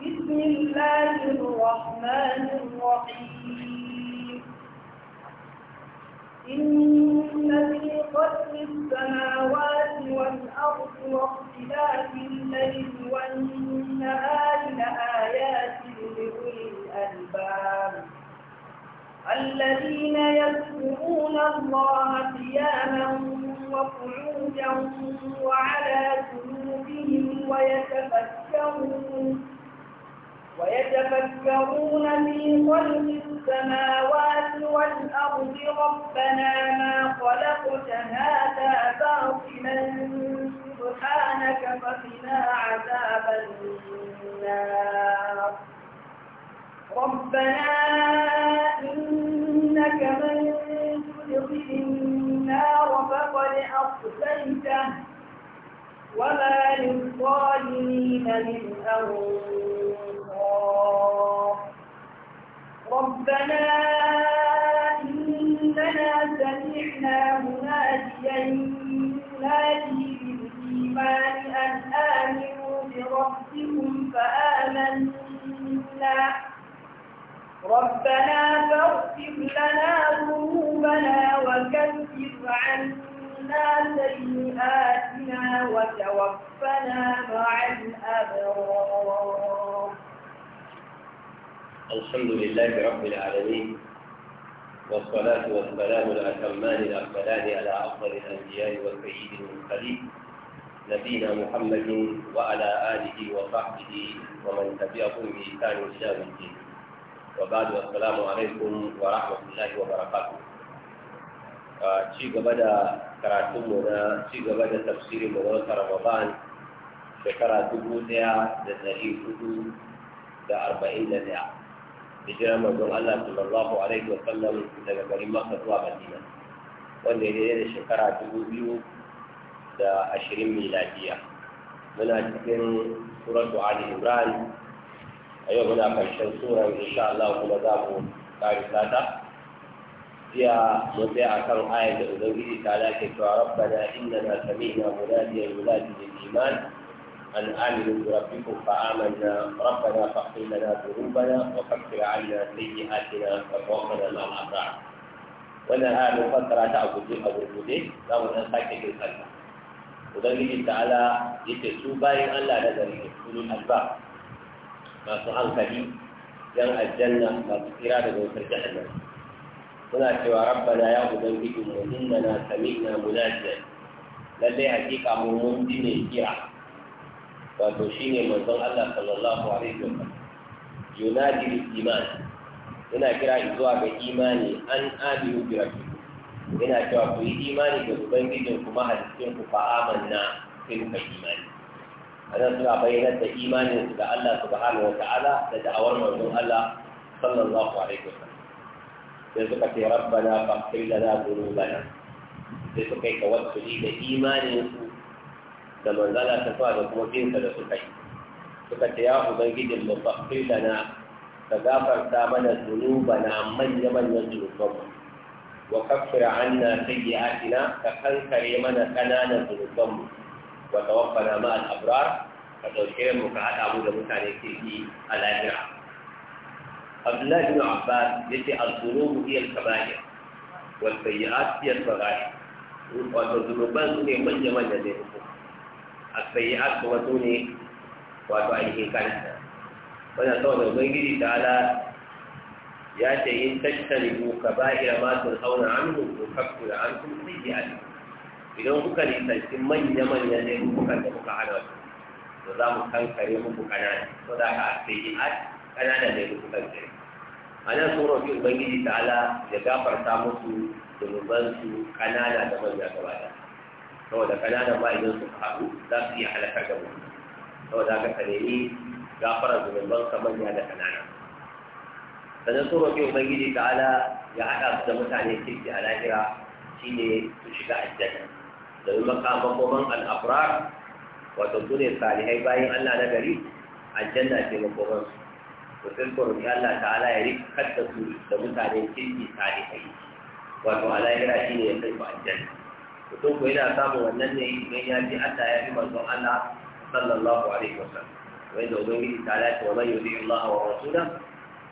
بسم الله الرحمن الرحيم إن في خلق السماوات والأرض واختلاف الليل والنهار لآيات لأولي الألباب الذين يذكرون الله قياما وقعودا وعلى جنوبهم ويتفكرون ويتفكرون في خلق السماوات والأرض ربنا ما خلقت هذا باطلا سبحانك فقنا عذاب النار ربنا إنك من تدخل النار فقد أقسمته وما للظالمين من أنصار ربنا إننا سمعنا مناديا ينادي بالإيمان أن آمنوا بربكم فآمنا ربنا فاغفر لنا ذنوبنا وكفر عنا سيئاتنا وتوفنا مع الأبرار الحمد لله رب العالمين والصلاة والسلام الأتمان الأكملان على أفضل الأنبياء والسيد المرسلين نبينا محمد وعلى آله وصحبه ومن تبعهم بإحسان إلى الدين wa وبعد والسلام عليكم ورحمة wa وبركاته ci gaba da karatunmu na ci gaba da tafsirin mu na wata ramadan shekara dubu daya da dari hudu da arba'in da daya hijirar manzon Allah sallallahu alaihi wa sallam daga garin Makka zuwa Madina wanda ya daidai da shekara dubu biyu da ashirin miladiya muna cikin suratu Ali Ibrahim a yau muna karshen sura insha Allah kuma za mu kare sata فيها متاع كم آية أزوجه تعالى كيف ربنا إننا سمعنا مناديا ينادي للإيمان أن آمنوا بربكم فآمنا ربنا فاغفر لنا ذنوبنا وكفر عنا سيئاتنا وتوفنا مع الأبرار وأنا هذا فترة تعبد أبو المدين لو أن ساكت الخلف وذلك تعالى يتسوبا أن لا نزل أولو الألباب masu hankali yan aljanna masu tsira daga wutar jahannan. suna cewa rabbana ya ubangiji mu sami na munajiyan lallai hakika mu mun ji ne kira wato shine manzon Allah sallallahu alaihi wa sallam yunadi bil iman yana kira zuwa ga imani an aminu bi rabbikum Yana cewa ku yi imani da ubangijin ku mahalicin ku fa amanna sai ku imani anan suna bayyanar da imanin su da Allah subhanahu wa ta'ala da da'awar manzon Allah sallallahu alaihi wasallam sai suka ce rabbana faghfir lana dhunubana sai suka yi tawassuli da imanin su da manzala ta fa da kuma bin da suka yi suka ce ya ubangijin mu faghfir lana ka gafarta mana dhunubana manya manyan dhunubanmu wa kaffir anna sayyi'atina ka kankare mana kananan dhunubanmu Wata tawaffana ma al-abrar ka dauke mu ka hada mu da mutane kirki a lahira Abdullahi bin Abbas yace al-dhunubu hiya al-kaba'ir wal sayyi'at hiya al-sagha'ir wato zunuban su ne manya manya ne ku as-sayyi'at kuma su ne wato ainihin kanta wannan saboda ubangiji ta'ala ya ce in tattalibu kaba'ira ma tunhauna anhu yukaffiru ankum sayyi'atikum idan kuka nisanci manya-manya ne kuka da kuka hana wata to za mu kankare muku kanana ko da ka sai a kanana ne kuka kankare a nan sun roƙi ubangiji ta'ala ya gafarta musu da su kanana da manya gaba da saboda kanana ba idan suka haɗu za su iya halakar da mu saboda ka ka nemi gafara zunubanka manya da kanana sannan sun roƙi ubangiji ta'ala ya haɗa su da mutane kirki a lahira shine su shiga aljanna domin makamakoman al'abrar wato su ne salihai bayan Allah na gari aljanna ce makoman su sun kurbi Allah ta'ala ya rikar da su da mutane kirki salihai wato alahira shi ne ya kai ba aljanna mutum ko yana samun wannan ne idan ya ji Allah ya fi manzon Allah sallallahu alaihi wasallam وإن أبيه تعالى ومن يطيع الله ورسوله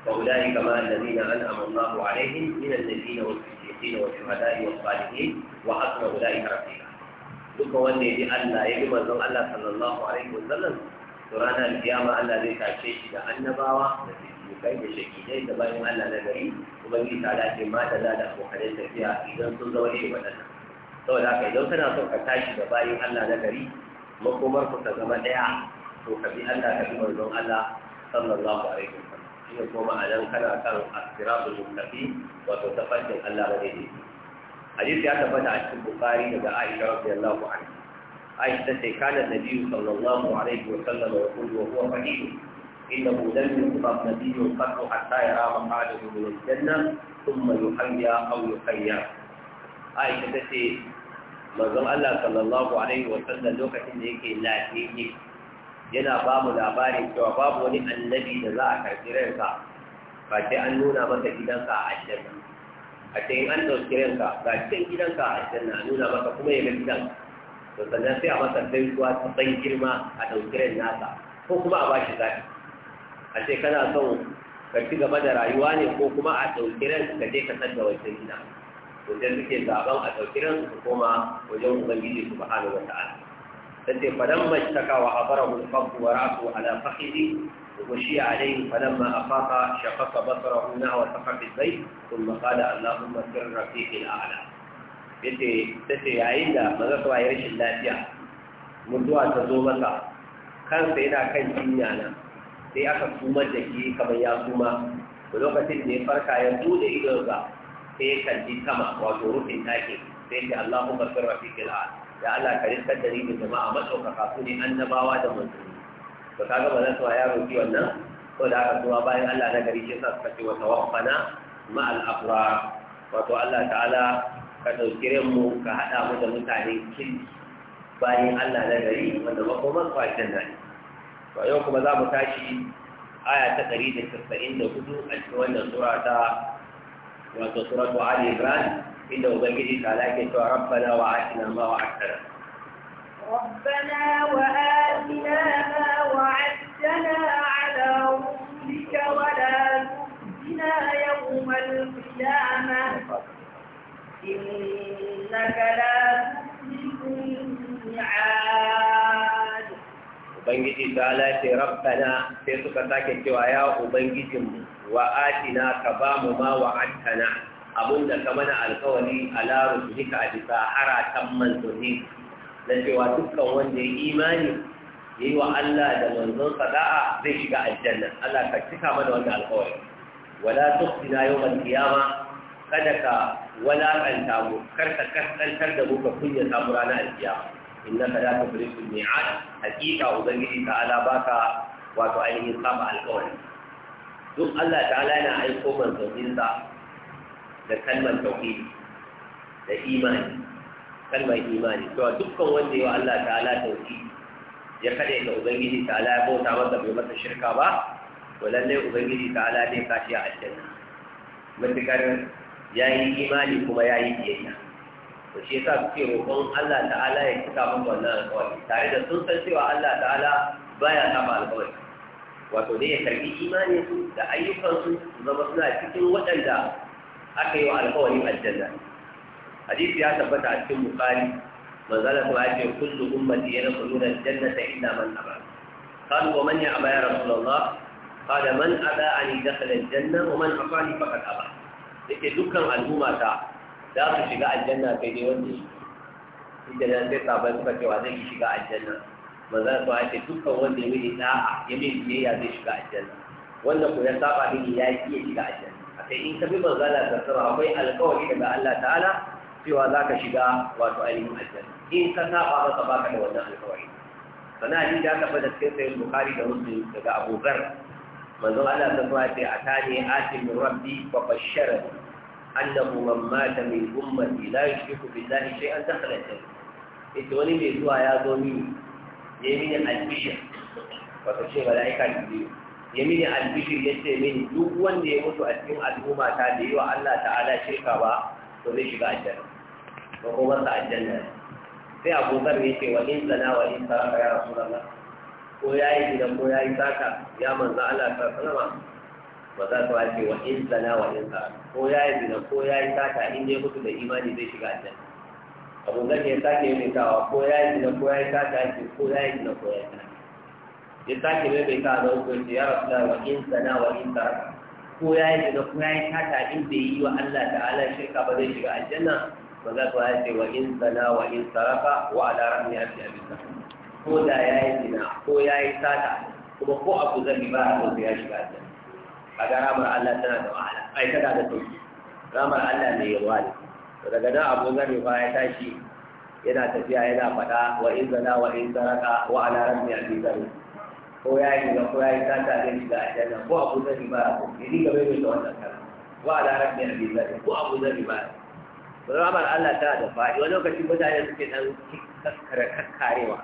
فأولئك مع الذين أنعم الله عليهم من النبيين والصديقين والشهداء والصالحين وحسن أولئك رفيقا duka wanda ya ji Allah ya bi manzon Allah sallallahu alaihi sallam, to ranar kiyama Allah zai tashe shi da annabawa da kai da dai da bayan Allah na gari yi ta dace ma da da abokanai tafiya idan sun zama shi waɗannan saboda haka idan kana son ka tashi da bayan Allah na gari makomar ku ta zama ɗaya to ka bi Allah ka bi manzon Allah sallallahu alaihi wasallam shi kuma ma'anan kana kan asiratul mustaqim wato tafarkin Allah da daidai hadisi ya tabbata a cikin bukari daga aisha radiyallahu anha aisha ce kana nabiyyu sallallahu alaihi wa sallam wa qulu wa huwa faqih innahu lam yuqab nabiyyun qat hatta yara maqadahu min al-janna thumma yuhayya aw yuhayya aisha ta ce manzon Allah sallallahu alaihi wa sallam lokacin da yake lafiye yana ba mu labarin cewa babu wani annabi da za a karɓi ransa ba sai an nuna masa gidansa a aljanna a cikin an ɗauki ranka ga cikin gidanka a cikin na nuna maka kuma ya ga gidan to sannan sai a masa gaisuwa ta ban girma a ɗauki ran nasa ko kuma a bashi zaɓi a ce kana son ka ci gaba da rayuwa ne ko kuma a ɗauki ran ka je ka san da wancan gida to sai suke zaɓen a ɗauki ran su koma wajen ubangiji subhanahu wata ala تتي فلما اشتكى وحضره القبض ورأسه على فخذه وشي عليه فلما أفاق شقق بصره نحو سقف البيت ثم قال اللهم سر رفيق الأعلى yace tace yayin da maza su waye rashin lafiya mutuwa ta zo masa kansa yana kan jinya na sai aka sumar da ke kamar ya suma lokacin da ya farka ya bude idonsa sai ya kalli sama wato rufin ɗakin sai ya ce Allahumma sirra fi kil'ad da Allah ka rinka da ni da jama'a matsaukaka su ne annabawa da manzanni to kaga ba za su ya roki wannan ko da aka zuwa bayan Allah na gari shi sa suka ce wa tawaffana ma al wato Allah ta'ala ka dauki mu ka hada mu da mutane kin bayan Allah na gari wanda makoman kwashin nan to yau kuma za mu tashi aya ta 194 a cikin wannan sura ta wato suratu Ali Ibrahim inda ubangiji ta lake cewa rabbana wa na ma wa atana na ma wa na Ubangiji ta lace rabbana sai suka sake cewa ya Ubangijinmu wa na ka ba mu ma wa abin da ka mana alkawari a laru su a bisa haratan manzanni na cewa dukkan wanda ya imani ya yi wa Allah da manzon sada'a zai shiga aljanna Allah ka cika mana wannan alkawari wala tuqsina yawmal qiyama kada ka walakanta mu kar kaskantar da mu ka kunya samu ranar alkiyama innaka la tukhlifu al-mi'ad haqiqa ubangiji ta'ala baka wato ainihin saba alkawari duk Allah ta'ala yana aiko manzanninsa da kalmar tauhidi da imani kalmar imani to dukkan wanda ya Allah ta'ala tauhidi ya kade ga ubangiji ta'ala ya bauta masa bai masa shirka ba to lalle ubangiji ta'ala zai kashi a aljanna matukar yayi imani kuma yayi biyayya to shi yasa suke roƙon Allah ta'ala ya cika maka wannan alƙawari tare da sun san cewa Allah ta'ala baya saba alƙawari wato ne ya karbi imaninsu da ayyukan su zama suna cikin waɗanda aka yi wa alkawari aljanna hadisi ya tabbata a cikin bukari manzala ta ce kullu ummati yana kullu da ta illa man aba qalu wa man ya aba ya rasulullah qala man aba ani dakhala aljanna wa man afani faqad aba yake dukkan al'umma ta za su shiga aljanna kai dai wanda shi da nan sai sabon suka cewa zai shiga aljanna manzala ta ce dukkan wanda ya yi da'a ya mai biyayya zai shiga aljanna wanda ku ya saba da ya yi ya shiga aljanna sai in ka bi manzala sassara akwai alƙawari daga Allah ta'ala cewa za ka shiga wato ainihin aljanna in ka saba ka baka da wannan alkawari sannan hadisi ya tabbata da cikin sayin bukari da muslim daga abubakar manzon Allah ta zuwa ce atani atim rabbi wa bashara annahu man mata min ummati la yushriku billahi shay'an dakhala aljanna ita wani mai zuwa ya zo mini ne mini albishir wato ce mala'ika jibril ya mini albishir ya ce mini duk wanda ya mutu a cikin al'umma ta da yi wa Allah ta'ala shirka ba to zai shiga aljanna ba ko wasa aljanna sai abokar ya ce wa in sana wa in saraka ya Allah ko ya yi idan ko ya yi saka ya manza Allah ta sallama ba za ta wace wa in tsana wa in saraka ko ya yi idan ko ya yi saka in ya mutu da imani zai shiga aljanna abokar ya sake yin kawa ko ya yi idan ko ya yi saka ko ya yi idan ko ya yi saka ya sake bai bai ka zo ko ya rasu da wajen in sana wa in ko ya yi daga ko ya yi tata inda bai yi wa Allah ta'ala shirka ba zai shiga aljanna ba za ta ya ce wa in sana wa in sarafa wa ala rahmi ya fi abin ko da ya yi zina ko ya yi tata kuma ko abu zan ba a zo ya shiga aljanna kaga ramar Allah tana da wahala ai tana da sauki ramar Allah ne ya wale daga nan abu zan ba ya tashi yana tafiya yana faɗa wa in zana wa in saraka wa ala rahmi ya fi ko ya yi ga ko ya yi sata a shiga aljanna ko abu zai ba ko ya dinga bai mai da wannan kara wa ala rabbi na bizari ko abu zai ba ramar Allah ta da faɗi wani lokacin mutane suke ka kare wa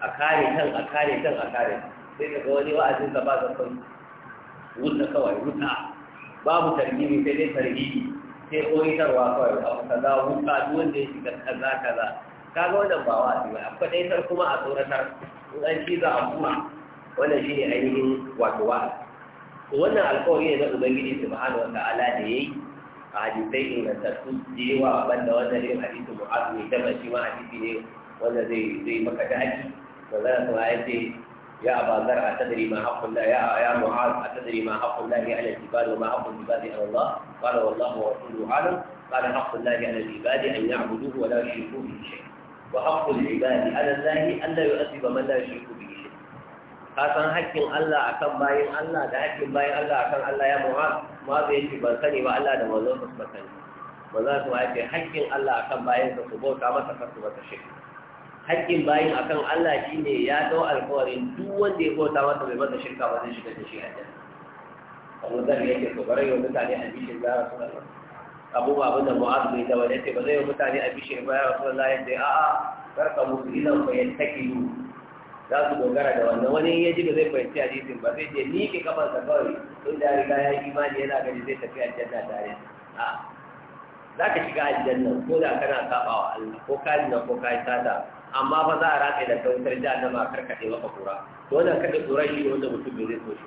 a kare kan a kare kan a kare sai ka wa a wa'azin ka ba ka kai wuta kawai wuta babu targibi sai dai targibi sai koyitarwa kawai abu kaza wuta duk wanda ya shiga kaza kaza kaga wannan ba wa'azi ba akwai dai kuma a tsoratar in an ci za a kuma wannan shi ne ainihin wato wa'azi wannan alkawari ne na ubangiji subhanahu wa ta'ala da yayi a hadisai ingantattu da yawa ban da wannan irin hadisi mu'azu ne da shi ma hadisi ne wanda zai zai maka daɗi da zan kuma ya ce ya aba a tadri ma haqqul da ya ya mu'az a tadri ma haqqul la ala al-jibal wa ma haqqul jibal ala Allah qala wallahu wa rasuluhu alam qala haqqul la ala al-ibad an ya'buduhu wa la yushriku bihi shay'a وحق العباد على الله ألا يؤذب من لا يشرك به شيئا kasan hakkin Allah akan bayin Allah da hakkin bayin Allah akan Allah ya mu'az ma ban sani ba Allah da manzon sa ba sani manzon sa ya hakkin Allah akan bayin sa su bauta masa kasu masa Allah ya dau alƙawarin duk wanda ya bauta masa bai masa shirka ba zai shiga da shi aljanna Abu Dharr yake ko bare yau mutane hadisin da Rasulullah abu ba abin da mu'az bai da wani ba zai mutane a bishiyar ba ya rasu da ya a'a karka musu ilan bayan yi za su dogara da wannan wani ya ji da zai fahimci hadisin ba zai je ni ke kafar sa kawai tun da riga ya yi imani yana gani zai tafi aljanna tare a za ka shiga nan ko da kana sabawa Allah ko ka na ko ka yi sata amma fa za a rataye da kautar a karkaɗe maka kura to wannan kaɗe tsoron shi wanda mutum bai zai so shi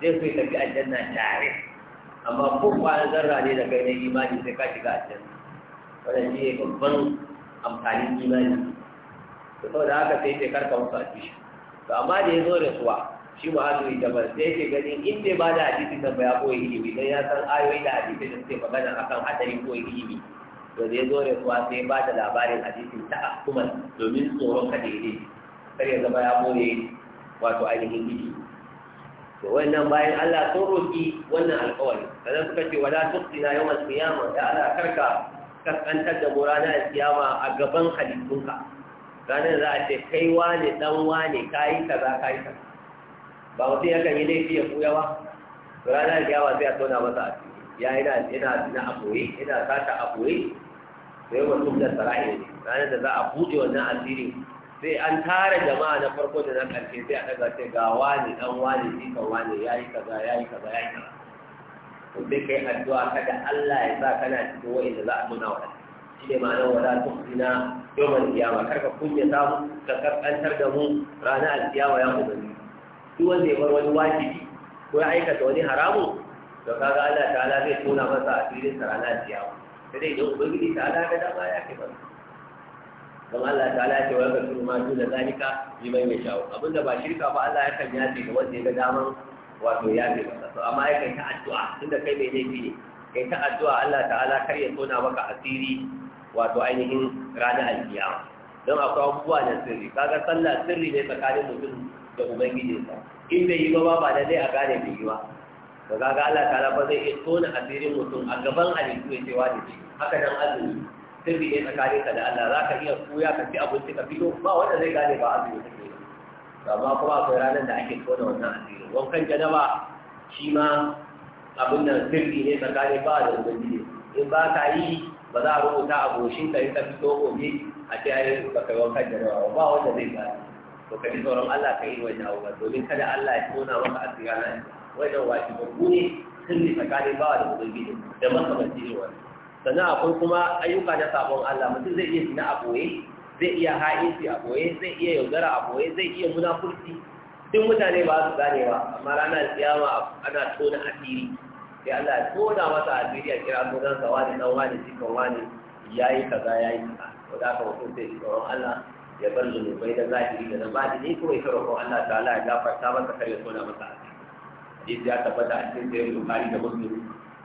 zai so ya tafi aljanna tare amma ko na zarra ne da kai na imani sai ka shiga can wanda shi ne babban amfanin imani to da haka sai ce karka musu shi to amma da ya zo da suwa shi ma haɗu ita ba sai ke ganin in bai ba da hadisi ta ba ya ilimi don ya san ayoyi da hadisi da suke magana akan hadari ko ilimi to da ya zo da suwa sai ba da labarin hadisi ta kuma domin tsoron ka daidai kar ya zama ya koyi wato ainihin ilimi to wannan bayan Allah sun roki wannan alƙawari kada suka ce wala tusina yawmal qiyama ya Allah karka kaskantar da mu ranar kiyama a gaban halittunka ranar za a ce kai wane dan wane kayi kaza kayi kaza ba mutum yakan yi laifi ya fuya ba ranar kiyama sai a tona masa a ciki ya yana yana na yana sata aboye sai mutum da sara'i ranar da za a buɗe wannan asiri sai an tara jama'a na farko da na ƙarshe sai a daga ce ga wani dan wani ka wani ya yi kaza ya yi kaza ya yi kaza to sai kai addu'a kada Allah ya sa kana cikin wa'inda za a nuna wa shi ne ma'anar wala tuhsina yawmal qiyama karka kunya ta mu ka kaskantar da mu ranar alkiyama ya ubangi duk wanda ya bar wani wajibi ko ya aikata wani haramu to kaga Allah ta'ala zai tona masa asirin sa ranar alkiyama sai dai idan ubangiji ta'ala ga dama ya kai ba. don Allah ta'ala ce wa yaghfiru ma duna zalika liman shawo. abinda ba shirka ba Allah yakan yafe ga wanda ya ga daman wato yafe Ba to amma kai ta addu'a tunda kai mai laifi ne kai ta addu'a Allah ta'ala kar ya tona maka asiri wato ainihin ranar alkiyama don akwai abubuwa na sirri kaga sallah sirri ne tsakanin mutum da ubangijinsa in bai yi ba ba da zai a gane bai yi ba ga kaga Allah ta'ala ba zai iya tona asirin mutum a gaban alkiyama ya ce wa da haka nan azumi sirri ne tsakanin ka da Allah za ka iya koya ka fi abinci ka fito ba wanda zai gane ba azumi ta ke ba kuma akwai ranar da ake tona wannan asiri wankan janaba shi ma abin nan sirri ne tsakanin ba da ubangiji in ba ka yi ba za a rubuta a goshin ka yi ka fito gobe a ce ai ba kai wankan janaba ba wanda zai gane to ka ji tsoron Allah ka yi wannan abu domin kada Allah ya tona maka asiri ranar wannan wajibi ne sirri tsakanin ba da ubangiji da makamanci ne wannan sannan akwai kuma ayyuka na sabon Allah mutum zai iya zina a boye zai iya ha'inci a boye zai iya yaudara a boye zai iya munafurci duk mutane ba su gane ba amma ranar kiyama ana tona asiri sai Allah ya tona masa asiri a kira sunan sa ne dan wani cikin wani yayi kaza yayi kaza ko da mutum zai tsoron Allah ya bar zunubai da zahiri da na ne kuma ya roƙo Allah ta'ala ya gafarta masa kar ya tona masa asiri hadisi ya tabbata a cikin sayyid Bukhari da Muslim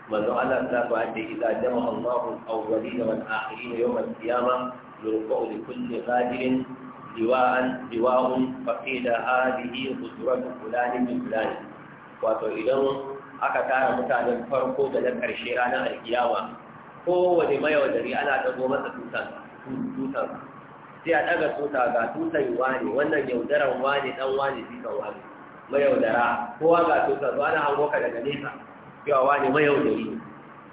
manzo Allah ta ba da idza jama'a Allahu al-awwalina wal akhirina yawm al-qiyamah yurfa'u li kulli ghadirin liwa'an liwa'un faqila hadhihi qudratu fulani min fulani wato idan aka tara mutanen farko da na ƙarshe ranar alkiyama kowane mayaudari ana ɗago masa tutar sai a ɗaga tuta ga tutar wani wannan yaudaran wani ɗan wani jikan wani mayaudara kowa ga tutar wani hango ka daga nesa cewa ne mai yaudari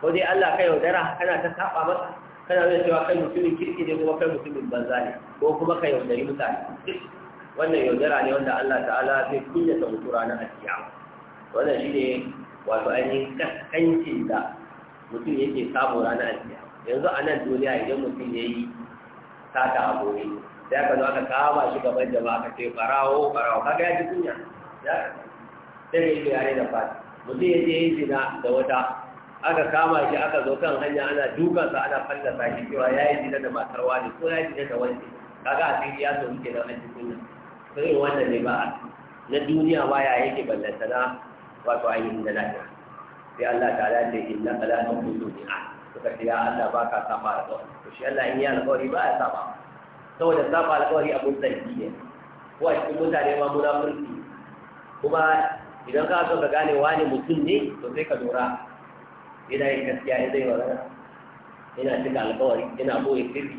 ko dai Allah ka yaudara kana ta saba masa kana zai cewa kai mutumin kirki ne kuma kai mutumin banza ne ko kuma ka yaudari mutane wannan yaudara ne wanda Allah ta'ala zai kunya ta mutu ranar asiya wannan shi ne wato ainihin kaskancin da mutum yake samu ranar asiya yanzu a nan duniya idan mutum ya yi sata a gobe sai aka zo aka kama shi gaban jama'a ka ce farawo farawo kaga ya ji kunya ya sai ya yi yare da fata mutum ya je yi zina da wata aka kama shi aka zo kan hanya ana dukansa ana fallasa shi cewa ya yi zina da matar wani ko ya yi zina da wani kaga a fili ya so muke da wani kunya sai wannan ne ba a na duniya ba ya yake ballanta na wato ainihin da lafiya sai Allah ta ya ce inna ala ta kullu ni'a suka ce ya Allah ba ka saba alƙawari to shi Allah in yi alƙawari ba ya saba saboda saba alƙawari abun zargi ne ko a cikin mutane ma munafurci kuma idan ka so ka gane wani mutum ne to sai ka lura ina yin gaskiya ya zai magana ina cika alkawari ina boye sirri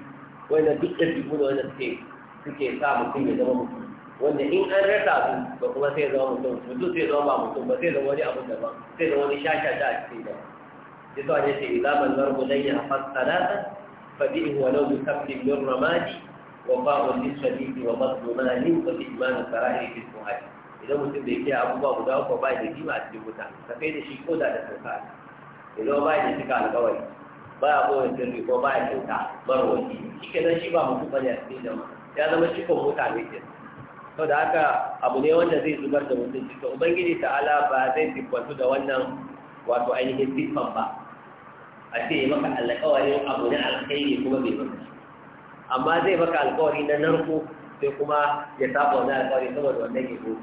wanda duk da bibu da wanda suke suke sa mutum ya zama mutum wanda in an rasa su ba kuma sai ya zama mutum mutum sai ya zama ba mutum ba sai ya zama wani abu ba sai ya zama wani shasha da a cikin da sai zuwa ne sai idan ban zargo dan ya hafaz talata fa bihi wa law bi kafin min ramadi wa ba'u lis sadiqi wa mazlumanin wa bi imanin sara'i fi suhadi idan mutum bai kiyaye abubuwa guda uku ba da kima a cikin wuta ka kai da shi ko da da sauka idan ba da cika alkawari ba ya koyar sirri ko ba ya kyauta marwaci shi nan shi ba mutum ne a cikin jama'a ya zama shi ko mota ne ke to da haka abu ne wanda zai zubar da shi to ubangiji ta'ala ba zai tibbatu da wannan wato ainihin siffan ba a ce maka alƙawarin abu na alkhairi kuma bai maka amma zai maka alƙawari na narko sai kuma ya saba wani alƙawari saboda wannan yabo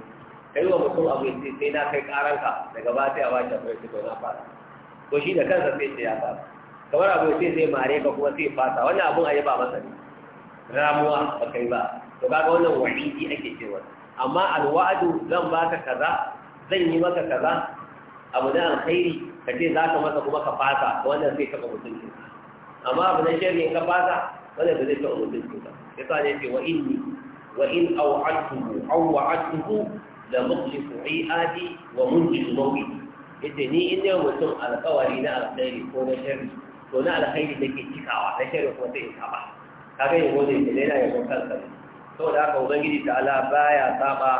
kai wa mutum abu yace sai na kai karanka daga ba sai a ba a abu to na fara ko shi da kansa sai ya fara kamar abu yace sai mare ka kuma sai fasa wannan abun yi ba masa ne ramuwa ba kai ba to kaga wannan wahidi ake cewa amma alwa'adu zan baka kaza zan yi maka kaza abu na alkhairi ka ce za ka masa kuma ka fasa wannan sai taɓa mutuncin amma abu na shari'in ka fasa wannan ba zai taɓa mutuncin ba ya sa ne ce wa inni wa in au'atuhu au wa'atuhu da mukhlifu iadi wa munjizu mawidi yace ni in yau mutum alƙawari na alkhairi ko na sharri to na alkhairi ke cikawa na sharri kuma sai in saba kaga ya gode da lena ya gode kansa saboda haka ubangiji ta ala baya saba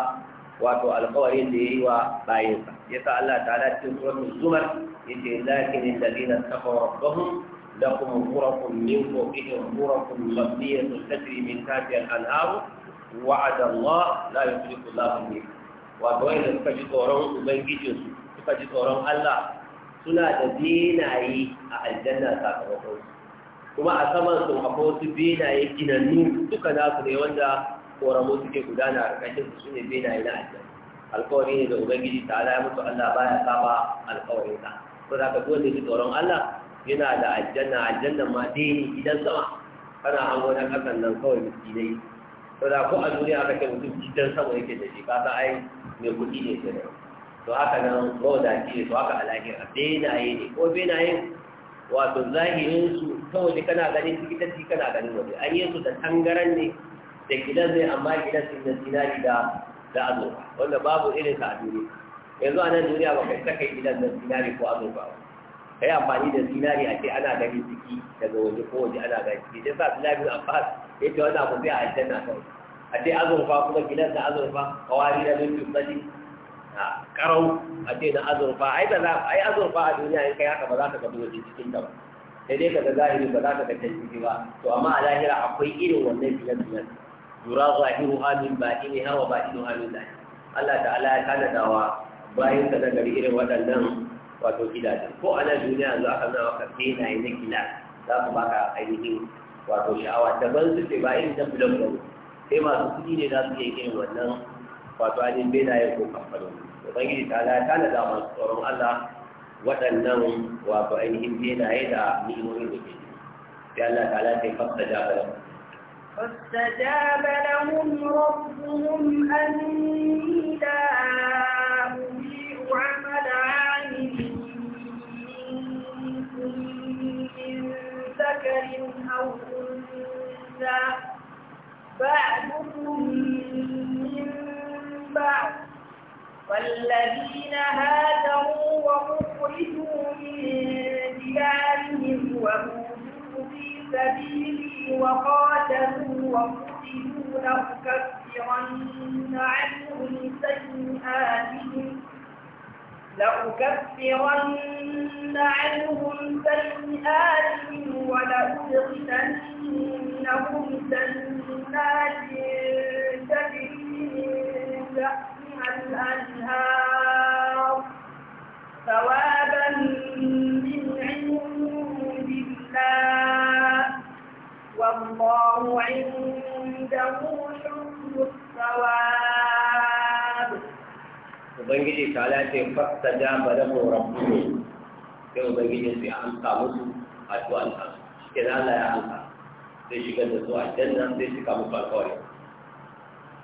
wato alƙawarin da yayi wa bayinsa yasa Allah ta'ala cikin suratul zumar yace lakin alladhina taqaw rabbahum لكم غرف من فوقهم غرف مبنية تجري من تحتها الأنهار وعد الله لا يخلف الله الميعاد wato wanda suka ji tsoron ubangijinsu suka ji tsoron Allah suna da benaye a aljanna sakamakon kuma a saman sun akwai wasu benaye ginannu duka nasu ne wanda koramu suke gudana a ƙarƙashin su shine benaye na aljanna alkawari ne da ubangiji ta ala ya mutu Allah baya saba alƙawarin sa to da ka dole ji tsoron Allah yana da aljanna aljanna ma dai gidan sama kana hango na kasan nan kawai miskinai to da ko a duniya aka ce mutum gidan sama yake da shi ka san ai mai kuɗi ne ke to haka nan mawadaci ne to haka alahira benaye ne ko benaye wato zahirin su ta waje kana ganin ciki ta ciki kana ganin waje an yi su da tangaran ne da gidan zai amma gidan sun da zinari da da azurfa wanda babu irin sa a duniya yanzu a nan duniya ba kai sakai gidan da zinari ko azurfa ba kai amfani da zinari a ce ana gani ciki daga waje ko waje ana ganin ciki sai sa zinari a fasa yace wannan abu sai a aljanna kawai a ce azurfa kuma gidan da azurfa kawari na zurfi sadi a karau a ce na azurfa ai ba za ai azurfa a duniya in kai haka ba za ka ga dole cikin ta ba sai dai kaga zahiri ba za ka ga tajiri ba to amma a lahira akwai irin wannan gidan gidan yura zahiruha min batiniha wa batinuha min zahir Allah ta'ala ya tanada dawa bayan ka nagari irin waɗannan wato gidajen ko a nan duniya yanzu aka nawa ka benaye na gida za su baka ainihin wato sha'awa daban suke ba irin ta bulan ba sai masu kuɗi ne za su iya yin wannan wato ainihin benayen ko kamfanoni ubangiji ta ala ta da masu tsoron allah waɗannan wato ainihin ya da ni'imomin da ke sai allah ta ala ta yi fasta jabarar فاستجاب لهم ربهم أني da الذين هاجروا وأخرجوا من ديارهم وأوذوا في سبيلي وقاتلوا وقتلوا لأكفرن عنهم سيئاتهم لأكفرن عنهم سيئاتهم ولأدخلنهم جنات تجري من الأنهار ثوابا من عند الله والله عنده حسن الثواب Ubangiji ta lafi fasta jaba da rabbuhu sai Ubangiji sai amsa musu addu'an ta shi ke Allah ya amsa sai shigar da su aljanna sai suka musu alƙawari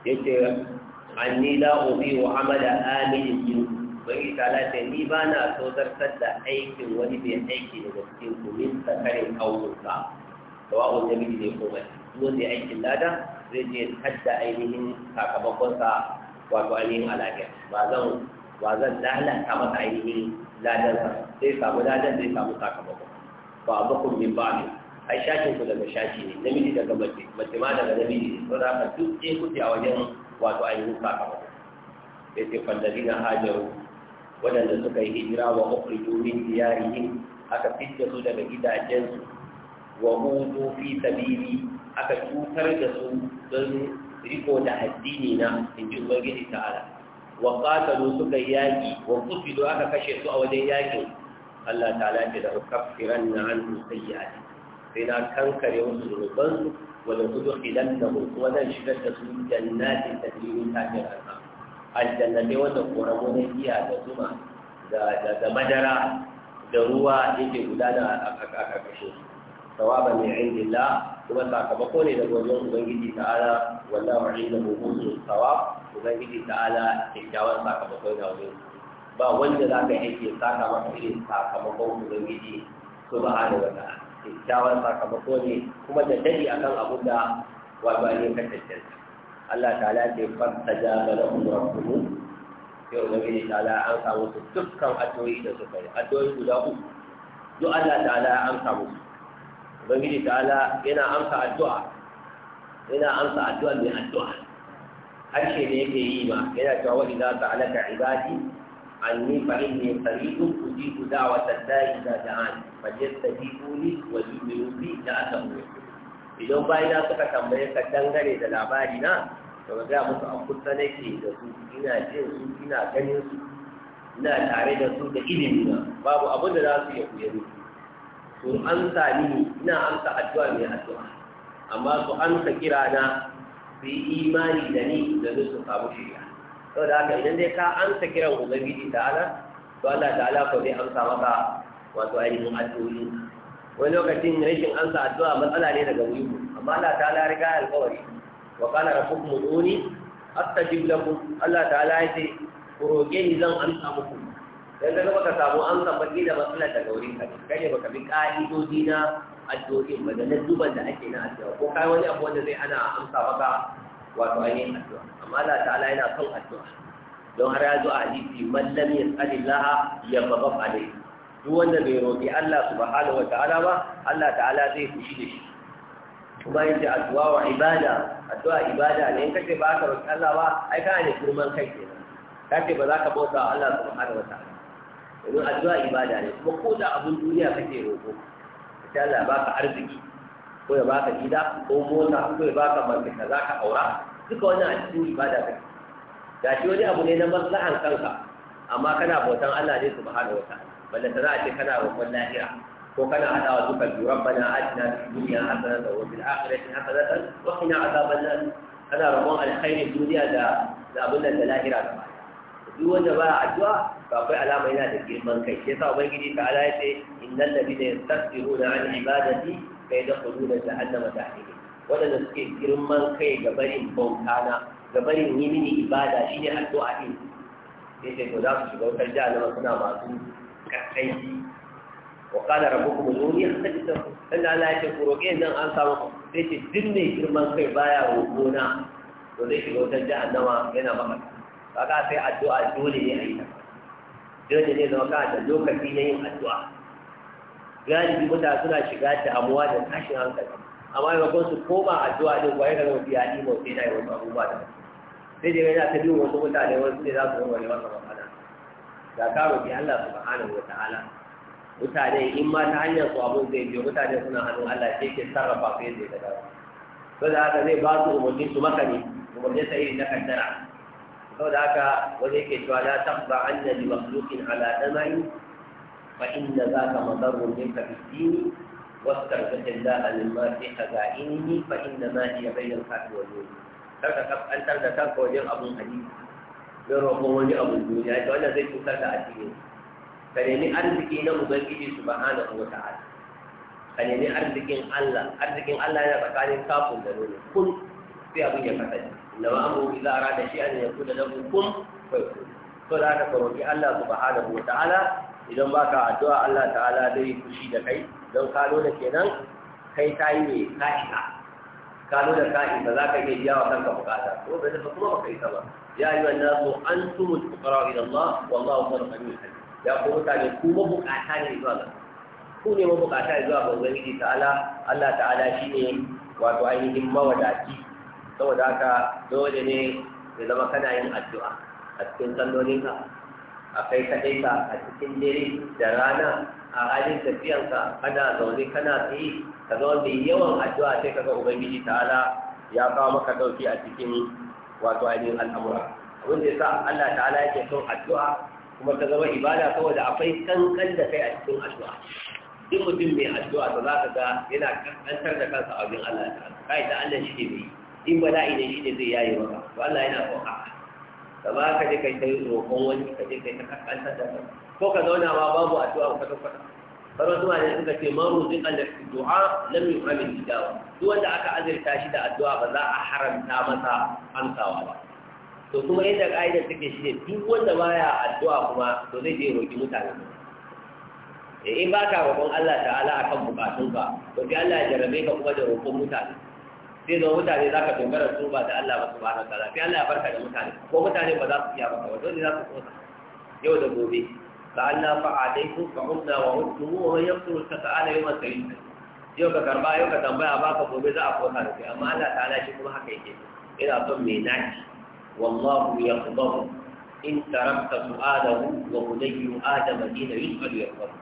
yace anni la ubi wa amala amilin jin bai tala ta ni ba na so zartar da aikin wani bai aiki da gaske ku min sakarin aurunsa sawa'un namiji ne ko mace wanda ya aikin lada zai je hadda ainihin sa, wato ainihin alaƙa ba zan ba zan lalata masa ainihin ladansa zai samu ladan zai samu sakamakon ba a bakon min ba ne ai shakin ku daga shaki ne namiji daga mace mace ma daga namiji ne saboda haka duk ɗaya kuke a wajen wato ainihin sakamako ya ce fallazi na hajaru waɗanda suka yi hijira wa ukhriju min diyarihim aka fitta su daga gidajensu wa hudu fi sabili aka cutar da su don riko da addini na injin ji ubangiji ta'ala wa qatalu suka yaki wa qutilu aka kashe su a wajen yakin Allah ta'ala ce da ukaffiranna anhu sayyi'ati sai na kankare wasu zunubansu ولتدخلنهم ولن شدت من جنات تجري من تحتها الانهار aljannatai wanda koramo na giya da zuma da madara da ruwa yake gudana a ƙarƙashin su sawaban min indillah kuma sakamako ne da wajen ubangiji ta'ala wallahu indahu husnul thawab ubangiji ba wanda zaka yake saka maka irin sakamakon ubangiji subhanahu wa kyakkyawan sakamako ne kuma da dadi kan abu da wato ne ka cancanta Allah ta'ala ce fasta ja ga Yau da bai ta ala an samu su dukkan addu'o'i da suka yi addu'o'i guda uku duk Allah ta'ala an samu su ubangiji ala yana amsa addu'a yana amsa addu'a mai addu'a harshe ne yake yi ma yana cewa wa idza ta'alaka ibadi عني فإني قريب أجيب دعوة الله إذا دعاني فليستجيبوا لي وليؤمنوا بي لعلهم يهتدون idan bayina suka tambaye ka dangane da labari na to ga gaya musu a kusa nake da su ina jin su ina ganin su ina tare da su da ilimi na babu abin da za su iya koya ni su amsa ni ina amsa addu'a mai addu'a amma su amsa kira na su yi imani da ni da su samu shirya sau da aka idan dai ka amsa kiran ubangiji ta'ala to Allah ta'ala ko zai amsa maka wato ainihin addu'o'i wani lokacin rashin amsa addu'a matsala ne daga wuyu amma Allah ta'ala riga ya alƙawari wa qala rabbukum ud'uni astajib lakum Allah ta'ala ya ce ku roƙe ni zan amsa muku dan da baka samu amsa ba da matsala daga wurin ka kai baka bi ka'idodi na addu'o'i ba da duban da ake na addu'a ko kai wani abu wanda zai ana amsa maka wato ainihin addu'a amma Allah ta'ala yana son addu'a don har ya zo a hadisi man lam yas'alillah yaghdab alayhi duk wanda bai roƙi Allah subhanahu wa ta'ala ba Allah ta'ala zai fushi da shi kuma yace addu'a wa ibada addu'a ibada ne in kace ba ka roƙi Allah ba ai kana ne girman kai kenan kace ba za ka bauta Allah subhanahu wa ta'ala domin addu'a ibada ne kuma ko da abun duniya kake roƙo sai Allah baka arziki ko ya baka gida ko mota ko ya baka mace ka za ka aura duka wannan a cikin ibada kake ga shi wani abu ne na maslahan kanka amma kana bautan Allah ne subhanahu wa ta'ala balle ta za a ce kana roƙon lahira ko kana hadawa duka biyu rabbana atina fid dunya hasanatan wa fil akhirati hasanatan wa qina adhaban nar kana roƙon alkhairin duniya da da abin da lahira gaba duk wanda ba addu'a ba akwai alama yana da girman kai shi yasa ubangiji ta ala yace innal ladina yastakbiruna an ibadati kai da kudu da jahannama da ne waɗanda suke girman kai ga barin bautana ga barin yi mini ibada shine addu'a din ce to za su shiga wutar jahannama suna masu kakai wa qala rabbukum uduni da Allah ya ce ko roƙe nan an samu sai ce duk mai girman kai baya na to zai shiga wutar jahannama yana ba kaga sai addu'a dole ne a yi ta dole ne zama kana da lokaci na yin addu'a galibi mutane suna shiga damuwa da tashin hankali amma yau kun su koma addu'a din kwaye da mafi yaɗi mafi na yi wasu abubuwa da sai dai yana ta biyu wasu mutane wasu ne za su warware masa mafana da ka roƙi Allah subhanahu wa ta'ala mutane in ma ta hanyar su abun zai biyo mutane suna hannun Allah ke ke sarrafa su yadda ya dawo da haka zai ba su umarni su maka ne umarni sa irin na kaddara da haka wani yake cewa la taqba anna li makhluqin ala yi. فإن ذاك مضر منك بالدين واسترجع الله مما في خزائنه فإنما هي بين الخاف والنور kada ka an tar da kanka wajen abun hadisi don roƙon wani abun duniya ita wannan zai cutar da addini ka nemi arziki na ubangiji subhanahu wa ta'ala ka nemi arzikin Allah arzikin Allah yana tsakanin kafin da nono kun sai abin ya kasance inna ma amru Allah ta'ala idan ba ka addu'a Allah ta'ala zai fushi da kai don ka nuna kenan kai ta yi ne ka'ina ka nuna ka'ina za ka iya biya wa kanka bukata ko bai zama kuma baka ta ba ya yi wa nasu an tumu tukara ila Allah wallahu kuma kami ya ko mutane ku bukata ne zuwa ga ku ne mabukata zuwa ga ubangiji ta'ala Allah ta'ala shine wato ainihin mawadaci saboda haka dole ne ya zama kana yin addu'a a cikin sallolinka akai kaɗai ka a cikin dare da rana a halin tafiyanka kana zaune kana tsaye ka zama mai yawan addu'a sai kaga ubangiji ta'ala ya kawo maka ɗauki a cikin wato ainihin al'amura abin da yasa Allah ta'ala yake son addu'a kuma ta zama ibada saboda akwai kankan da kai a cikin addu'a duk mutum mai addu'a to za ka ga yana kankantar da kansa a wajen Allah ta'ala kai da Allah shi ne mai in bala'i ne shi ne zai yaye maka to Allah yana son haka kama ka je kai ta yi roƙon wani ka je kai ta kaskantar da kai ko ka zauna ma babu addu'a kwata kwata farin ma ne suka ce man ruzin Allah fi du'a lam yu'amin hijawa duk wanda aka azurta shi da addu'a ba za a haramta masa amsawa ba to kuma yadda ka'idar take shi ne duk wanda baya addu'a kuma to zai je roƙi mutane ne eh, in ba ka roƙon Allah ta'ala akan bukatunka to sai Allah ya jarabe ka kuma da roƙon mutane sai zama mutane za ka dogara su ba da Allah ba su ba da kaza sai Allah ya barka da mutane ko mutane ba za su iya maka ba dole za su tsosa yau da gobe ba Allah fa a dai ku fa umna wa ummu wa ya yaqulu ka ta'ala yawma sayyid yau ka karba yau ka tambaya ba ka gobe za a kosa da kai amma Allah ta'ala shi kuma haka yake ina son me naki wallahu yaqdahu in tarakta adamu wa bunayyu adama dina ya yaqdahu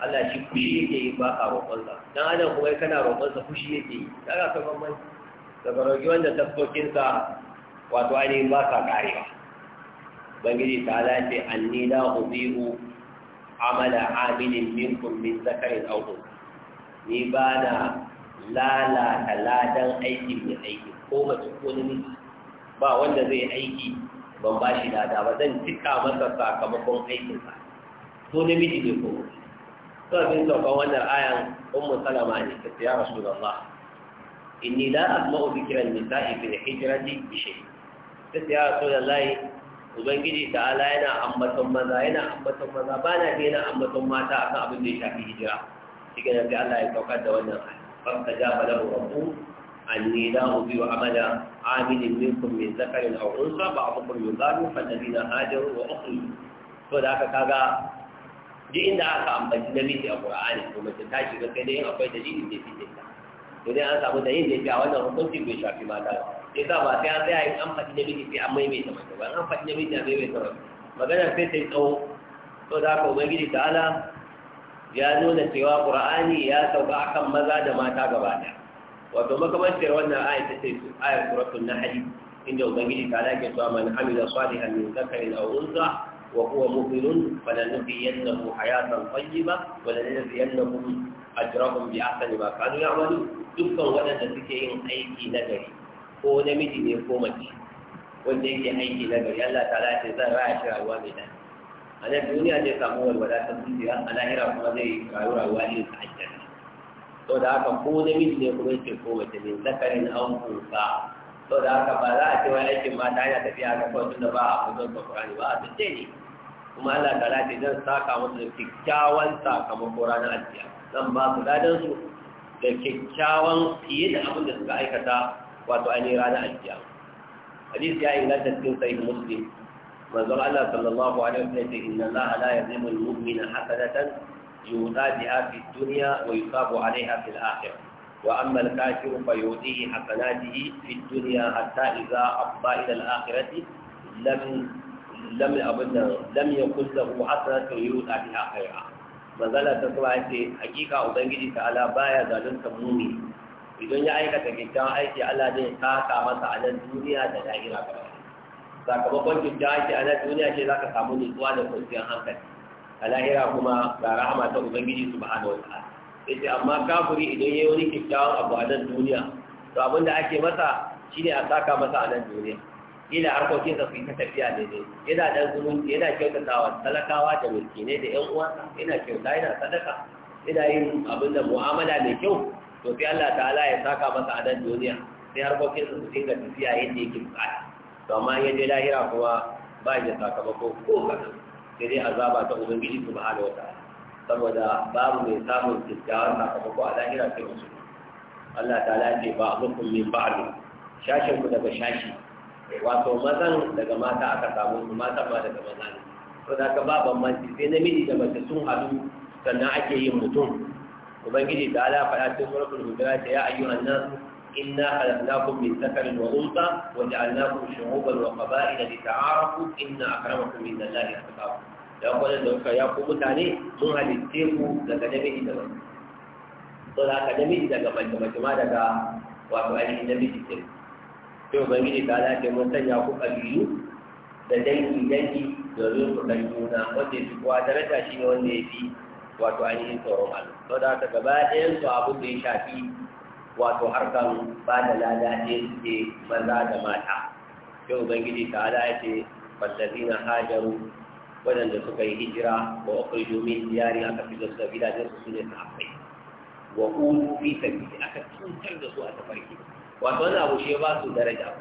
Allah shi kushi yake yi ba ka roƙonsa dan adam kuma kana roƙonsa kushi yake yi kaga ka daga roƙi wanda taskokinsa wato ainihin ba sa karewa Bangiji ta lafi an ni la ubihu amala amilin minkum min zakarin aw ni ba na lalata ladan aikin mai aiki ko mace ko namiji ba wanda zai aiki ban ba shi lada ba zan cika masa sakamakon aikinsa ko namiji ne ko mutum. Sabbin saukan wannan ayan Ummu Salama ne ta ya Rasulullah inni la asma'u dhikra an-nisa'i fil hijrati bi shay sai ya rasulullahi ubangiji ala yana ambaton maza yana ambaton maza ba na bi yana ambaton mata akan abin da ya shafi hijira shi da, sai Allah ya saukar da wannan aya fa tajaba lahu rabbuhu أني لا أضيع عمل عامل منكم من ذكر أو أنثى بعضكم يضال فالذين هاجروا وأخرجوا فذاك كذا duk inda aka ambaci namiji a Qur'ani to mace ta shiga kai dai akwai dalili da yake da idan an samu da yin da yake a wannan hukunci bai shafi mata ba sai sa ba sai an tsaya in an faɗi namiji sai an maimaita mace ba an faɗi namiji a maimaita mace maganar sai ta yi tsawo to da haka ubangiji ala ya nuna cewa qur'ani ya sauka akan maza da mata gaba ɗaya wato makamancin wannan ayat ta ce ayat suratul nahl inda ubangiji ala ke cewa man amila salihan min dhakarin aw unsa وهو مؤمن فلنحيينه حياة طيبة ولنجزينهم أجرهم بأحسن ما كانوا يعملون dukkan waɗanda suke yin aiki na gari ko namiji ne ko mace wanda yake aiki na gari Allah ta'ala ce zan raya shi rayuwa mai daɗi a nan duniya zai samu walwala ta kuma zai da haka ko namiji ne ko yake ko mace ne zakarin an kunsa sau da haka ba za a ce wani aikin mata yana tafiya ga kawai da ba a kusan kurani ba a tace ne kuma Allah ta lati zan saka musu da kyakkyawan sakamako ranar ajiya. zan ba su ladan su da kyakkyawan fiye da abin da suka aikata wato ainihin ranar ajiya. hadisi ya inganta cikin sahih muslim manzon Allah sallallahu alaihi wasallam ce inna Allah la yazlimu al-mu'mina hasanatan yu'ta biha fi dunya wa yusabu 'alayha fil akhirah وأما الكافر فيؤتيه حسناته في الدنيا حتى إذا أفضى إلى الآخرة لم lam abin da lam yakun lahu hasanatun yuta ta khaira manzala ta kuma ce hakika ubangiji ta ala baya zalunta muni idan ya aikata kyakkyawan aiki Allah zai ka masa a nan duniya da lahira ba. sakamakon kyakkyawan aiki a nan duniya ce za ka samu nutsuwa da kwanciyar hankali a lahira kuma ga rahama ta ubangiji su ba wa ta'ala yace amma kafuri idan yi wani kyakkyawan abu a nan duniya to abin da ake masa shine a saka masa a nan duniya ila harkokinsa su yi ta tafiya daidai yana da zumunci yana kyautata wa talakawa da miskinai da yan uwansa yana kyauta yana sadaka yana yin abin da mu'amala mai kyau to sai Allah ta'ala ya saka masa a nan duniya sai harkokinsa su dinga tafiya yadda yake bukata to amma ya je lahira kuma ba shi da sakamako ko kaɗan sai dai azaba ta ubangiji subhanahu wa ta'ala saboda babu mai samun kyakkyawar sakamako a lahira sai musu Allah ta'ala ce ba a min ba'du shashin ku daga shashi wato mazan daga mata aka samu su mata ma daga maza ne to da ka ba bambanci sai namiji da mace sun haɗu sannan ake yin mutum ubangiji da ala faɗa cikin suratul hujurat ya ayyuhan nas inna khalaqnakum min dhakarin wa untha wa ja'alnakum shu'uban wa qaba'ila lita'arafu inna akramakum indallahi atqakum da wannan da kuka ya ku mutane mun halitte ku daga namiji da mace to da ka namiji daga mace mace ma daga wato ainihin namiji kenan sai ubangiji ta dace mun sanya ku kabilu da dangi dangi domin su dan juna wanda ya kuwa daraja shi ne wanda ya fi wato ainihin tsoron Allah to da ta gaba ɗayan su abu da ya shafi wato harkan ba da lada ɗaya suke maza da mata sai ubangiji ta dace fallazina hajaru waɗanda suka yi hijira wa akwai min diyari aka fi da su da gidajensu su ne sahabbai wa ulu fi sabili aka cutar da su a tafarki wato wani abu shi ba su daraja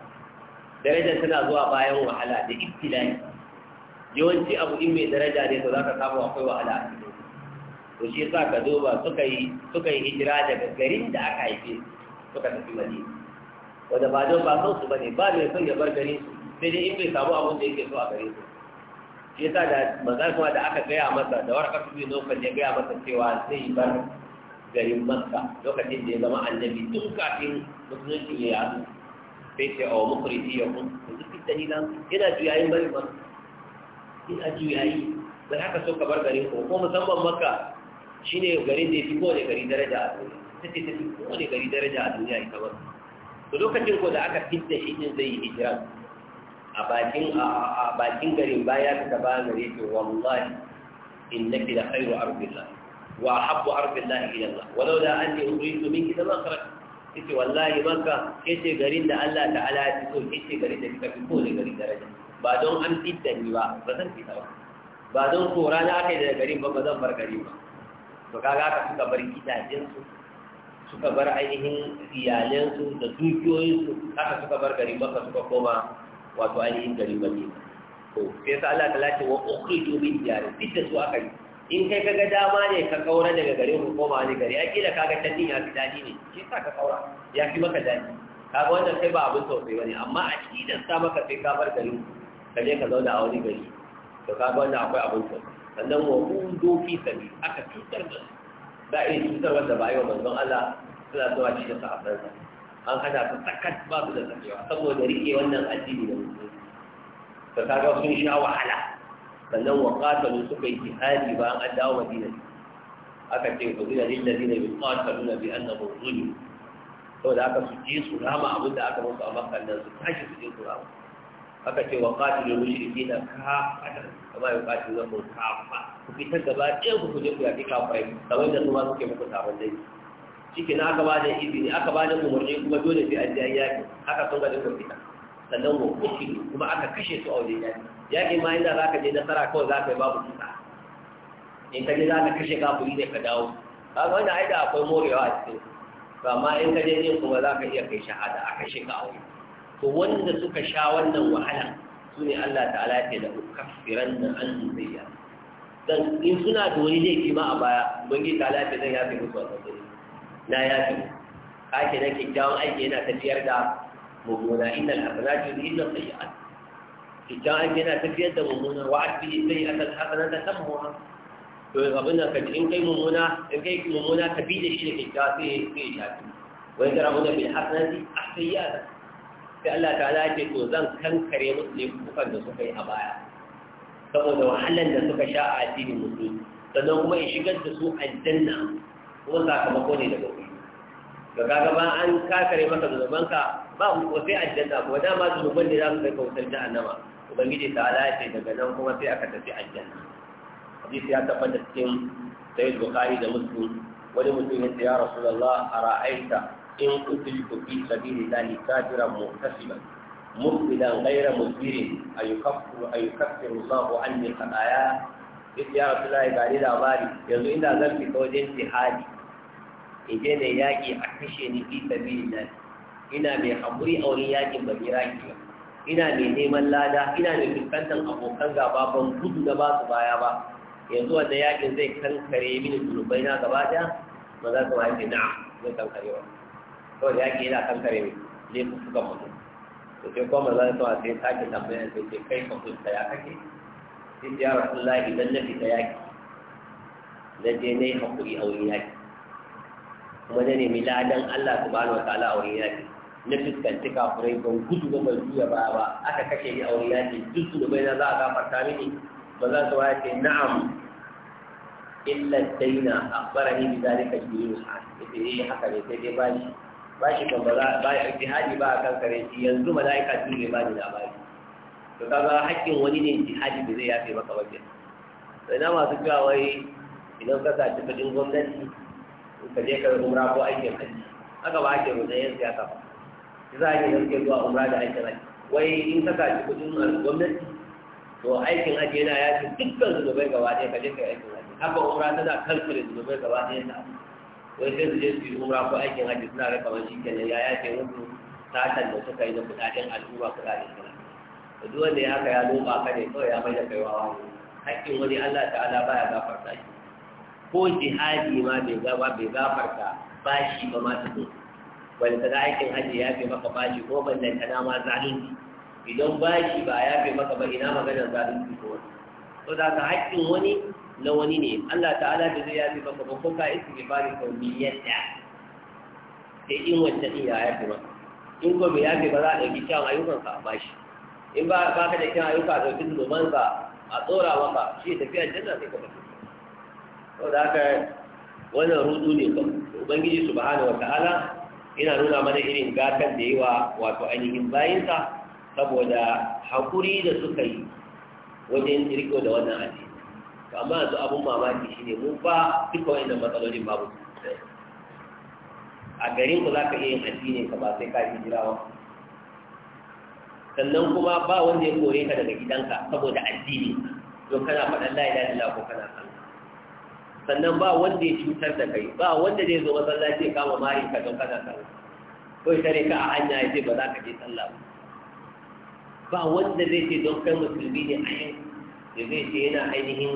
Daraja tana zuwa bayan wahala da ibtilai yawanci abu in mai daraja ne to za ka samu akwai wahala a cikin to shi sa ka zuba suka yi suka yi hijira daga garin da aka haife suka tafi madina wanda ba don ba son su bane ba mai son ya bar garin su sai dai in bai samu abin da yake so a garin su shi yasa da maza kuma da aka gaya masa da warkar su bin lokacin ya gaya masa cewa zai bar garin makka lokacin da ya zama annabi tun kafin musulunci ya yaro sai ce a oh, mukriti ya kun yanzu fita hilan yana juyayin bari ba yana juyayi don haka so ka bar garin ko ko musamman makka ne garin da ya fi kowane gari daraja a duniya ta ce ta fi kowane gari daraja a duniya ita ba to lokacin ko da aka fita shi ne zai yi hijira a bakin garin baya ta ta bayan gare ce wallahi innaki da khairu ardillah وأحب أرض الله إلى الله ولولا أني أريد منك لما خرجت yace wallahi maka yace garin da Allah ta'ala ya fito yace garin da kika fito ne garin daraja ba don an fita ni ba ba zan fita ba ba don kora na aka garin ba ba zan bar gari ba to kaga haka suka bar gidajen suka bar ainihin iyalan da dukiyoyin haka suka bar garin ba suka koma wato ainihin garin ba sai Allah wa su in kai kaga dama ne ka kaura daga gare mu koma ne. gari ake da kaga tanni ya fi daɗi ne shi sa ka kaura ya fi maka daɗi kaga wannan kai ba abin tausayi bane amma a kidan sa maka sai ka bar garin ka je ka zauna a wani gari to kaga wannan akwai abin tausayi sannan wa hudu fi sabi aka cutar da su za a iya cutar wanda ba yi wa manzon Allah suna zuwa cikin sahabbansa an hada su sakat ba su da sakewa saboda rike wannan addini da musulunci to kaga sun sha wahala sannan wa qatalu suka yi jihadi ba an dawo madina aka ce ku zira lil ladina yuqataluna bi annahum zulim saboda aka su je su rama abin da aka musu a makka nan su tashi su je su rama aka ce wa qatalu mushrikina kafatan kama mu kafa ku fitar gaba ɗaya ku je ku yaƙi kafirai kamar da kuma suke muku taron dai shi na aka ba da izini aka ba da umarni kuma dole sai an ji an yaƙi haka sun ga duka fita sannan wa kuki kuma aka kashe su a wajen yaƙi yaƙi ma inda za ka je nasara kawai za ka yi babu kusa? in ka je za ka kashe ka kuri ne ka dawo ba ga wani da akwai morewa a cikin ba amma in ka je ne kuma za ka iya kai shahada a kashe ka aure to wanda suka sha wannan wahala su ne Allah ta'ala ke da ukaffiran na an zuriya dan in suna da wani laifi ma a baya bangi ta'ala ke zan yafe musu wannan dare na yafe ka ke na kyakkyawan aiki yana tafiyar da mummuna innal hasanatu yudhibna sayyi'at idan aiki yana tafiyar da mummuna wa asbi sai akan hasana ta tamuwa to abin da kaji in kai mummuna in kai mummuna ka bi da shi da kyakkyawa sai sai shafi wani gara mun bil hasanati ahsiyata sai Allah ta'ala ya ce to zan kankare musu ne kukan da suka yi a baya saboda wahalan da suka sha a addinin musulmi sannan kuma in shigar da su aljanna kuma sakamako ne daga wuri ga kaga ba an kakare maka zunubanka ba mu ko sai aljanna ko dama zunuban da za su kai kautar annaba. ubangiji ta ala daga nan kuma sai aka tafi aljanna hadisi ya tabbata cikin sayyid bukhari da muslim wani mutum ya ce ya rasulullah ara'aita in kutilku fi sabilillahi kafiran muhtasiban مقبلا غير مدبر أيكفر أيكفر الله عني خطايا duk ya rasu lai gari labari yanzu ina zan fita wajen jihadi in je ne yaƙi a kashe ni fi sabi ina mai haƙuri a wani yaƙin ba ni raƙi ba ina mai neman lada ina mai fuskantar abokan gaba ban gudu na ba su baya ba yanzu wanda yakin zai kankare mini zunubai na gaba ɗaya ba za su haifi na zai kankare ba kawai yaƙi yana kankare ne laifin suka mutu to sai kuma su sa sai sake tambayar da ce kai ka kusa ya kake sai ya rasulullahi idan na fita yaki na je na yi hakuri a wurin yaki kuma na nemi ladan Allah subhanahu wa ta'ala a wurin yaki na fuskanci kafurai ban gudu ba mai juya ba ba aka kashe ni a wani ce, duk su bai na za a gafarta mini ba za su wace na'am illa daina akbara ni bi zalika ha ita yi haka ne sai dai ba shi, ba shi kan ba za ba hadi ba a kan kare shi yanzu yi su ne ba ni ba shi, to kaga haƙƙin wani ne hadi da zai yafe maka wajen sai na masu cewa wai idan ka sa kuɗin gwamnati ka je ka umra ko aikin hajji haka ba ake roƙon yanzu ya kafa. za a yi suke zuwa umra da aikin haji wai in ka kaci kudin gwamnati to aikin haji yana yafi dukkan zunubai gaba ɗaya ka je ka yi aikin haji haka umra tana kalkule zunubai gaba ɗaya ta wai sai su je su yi umra ko aikin haji suna da wani shi kenan ya ke musu satan da suka yi na kuɗaɗen al'umma kuɗaɗen kira to duk wanda ya haka ya loba ka ne kawai ya bayyana kai wawa ne haƙƙin wani Allah ta'ala baya gafarta shi ko jihadi ma bai gafarta ba shi ba ma ta zo balanta na aikin hajji ya fi maka bashi ko balanta na ma zalunci idan bashi ba ya fi maka ba ina maganar zalunci ko wani to da ka haƙƙin wani na wani ne Allah ta'ala da zai ya fi maka ba ko ka isi bai bari ko miliyan ɗaya sai in wancan ɗin ya fi maka in ko bai ya fi ba za a ɗauki kyawun ayyukanka a bashi in ba ka da kyawun ayyuka a ɗauki zunubansa a tsora maka shi tafiya janna sai ka bata to da haka wannan rudu ne ba ubangiji subhanahu wa ta'ala ina nuna mana irin gatan da yawa wato ainihin bayinsa saboda haƙuri da suka yi wajen riko da wannan addini to amma yanzu abun mamaki shine mu ba duka wannan matsalolin babu a garin ku za ka iya yin addinin ka ba sai ka yi jirawa sannan kuma ba wanda ya kore ka daga gidanka saboda addini don kana faɗan la da illallah ko kana san sannan ba wanda ya cutar da kai ba wanda zai zo masallaci ya kama mari ka don kana sallah ko ya tare ka a hanya ya ce ba za ka je sallah ba ba wanda zai ce don kai musulmi ne a yin ya zai ce yana ainihin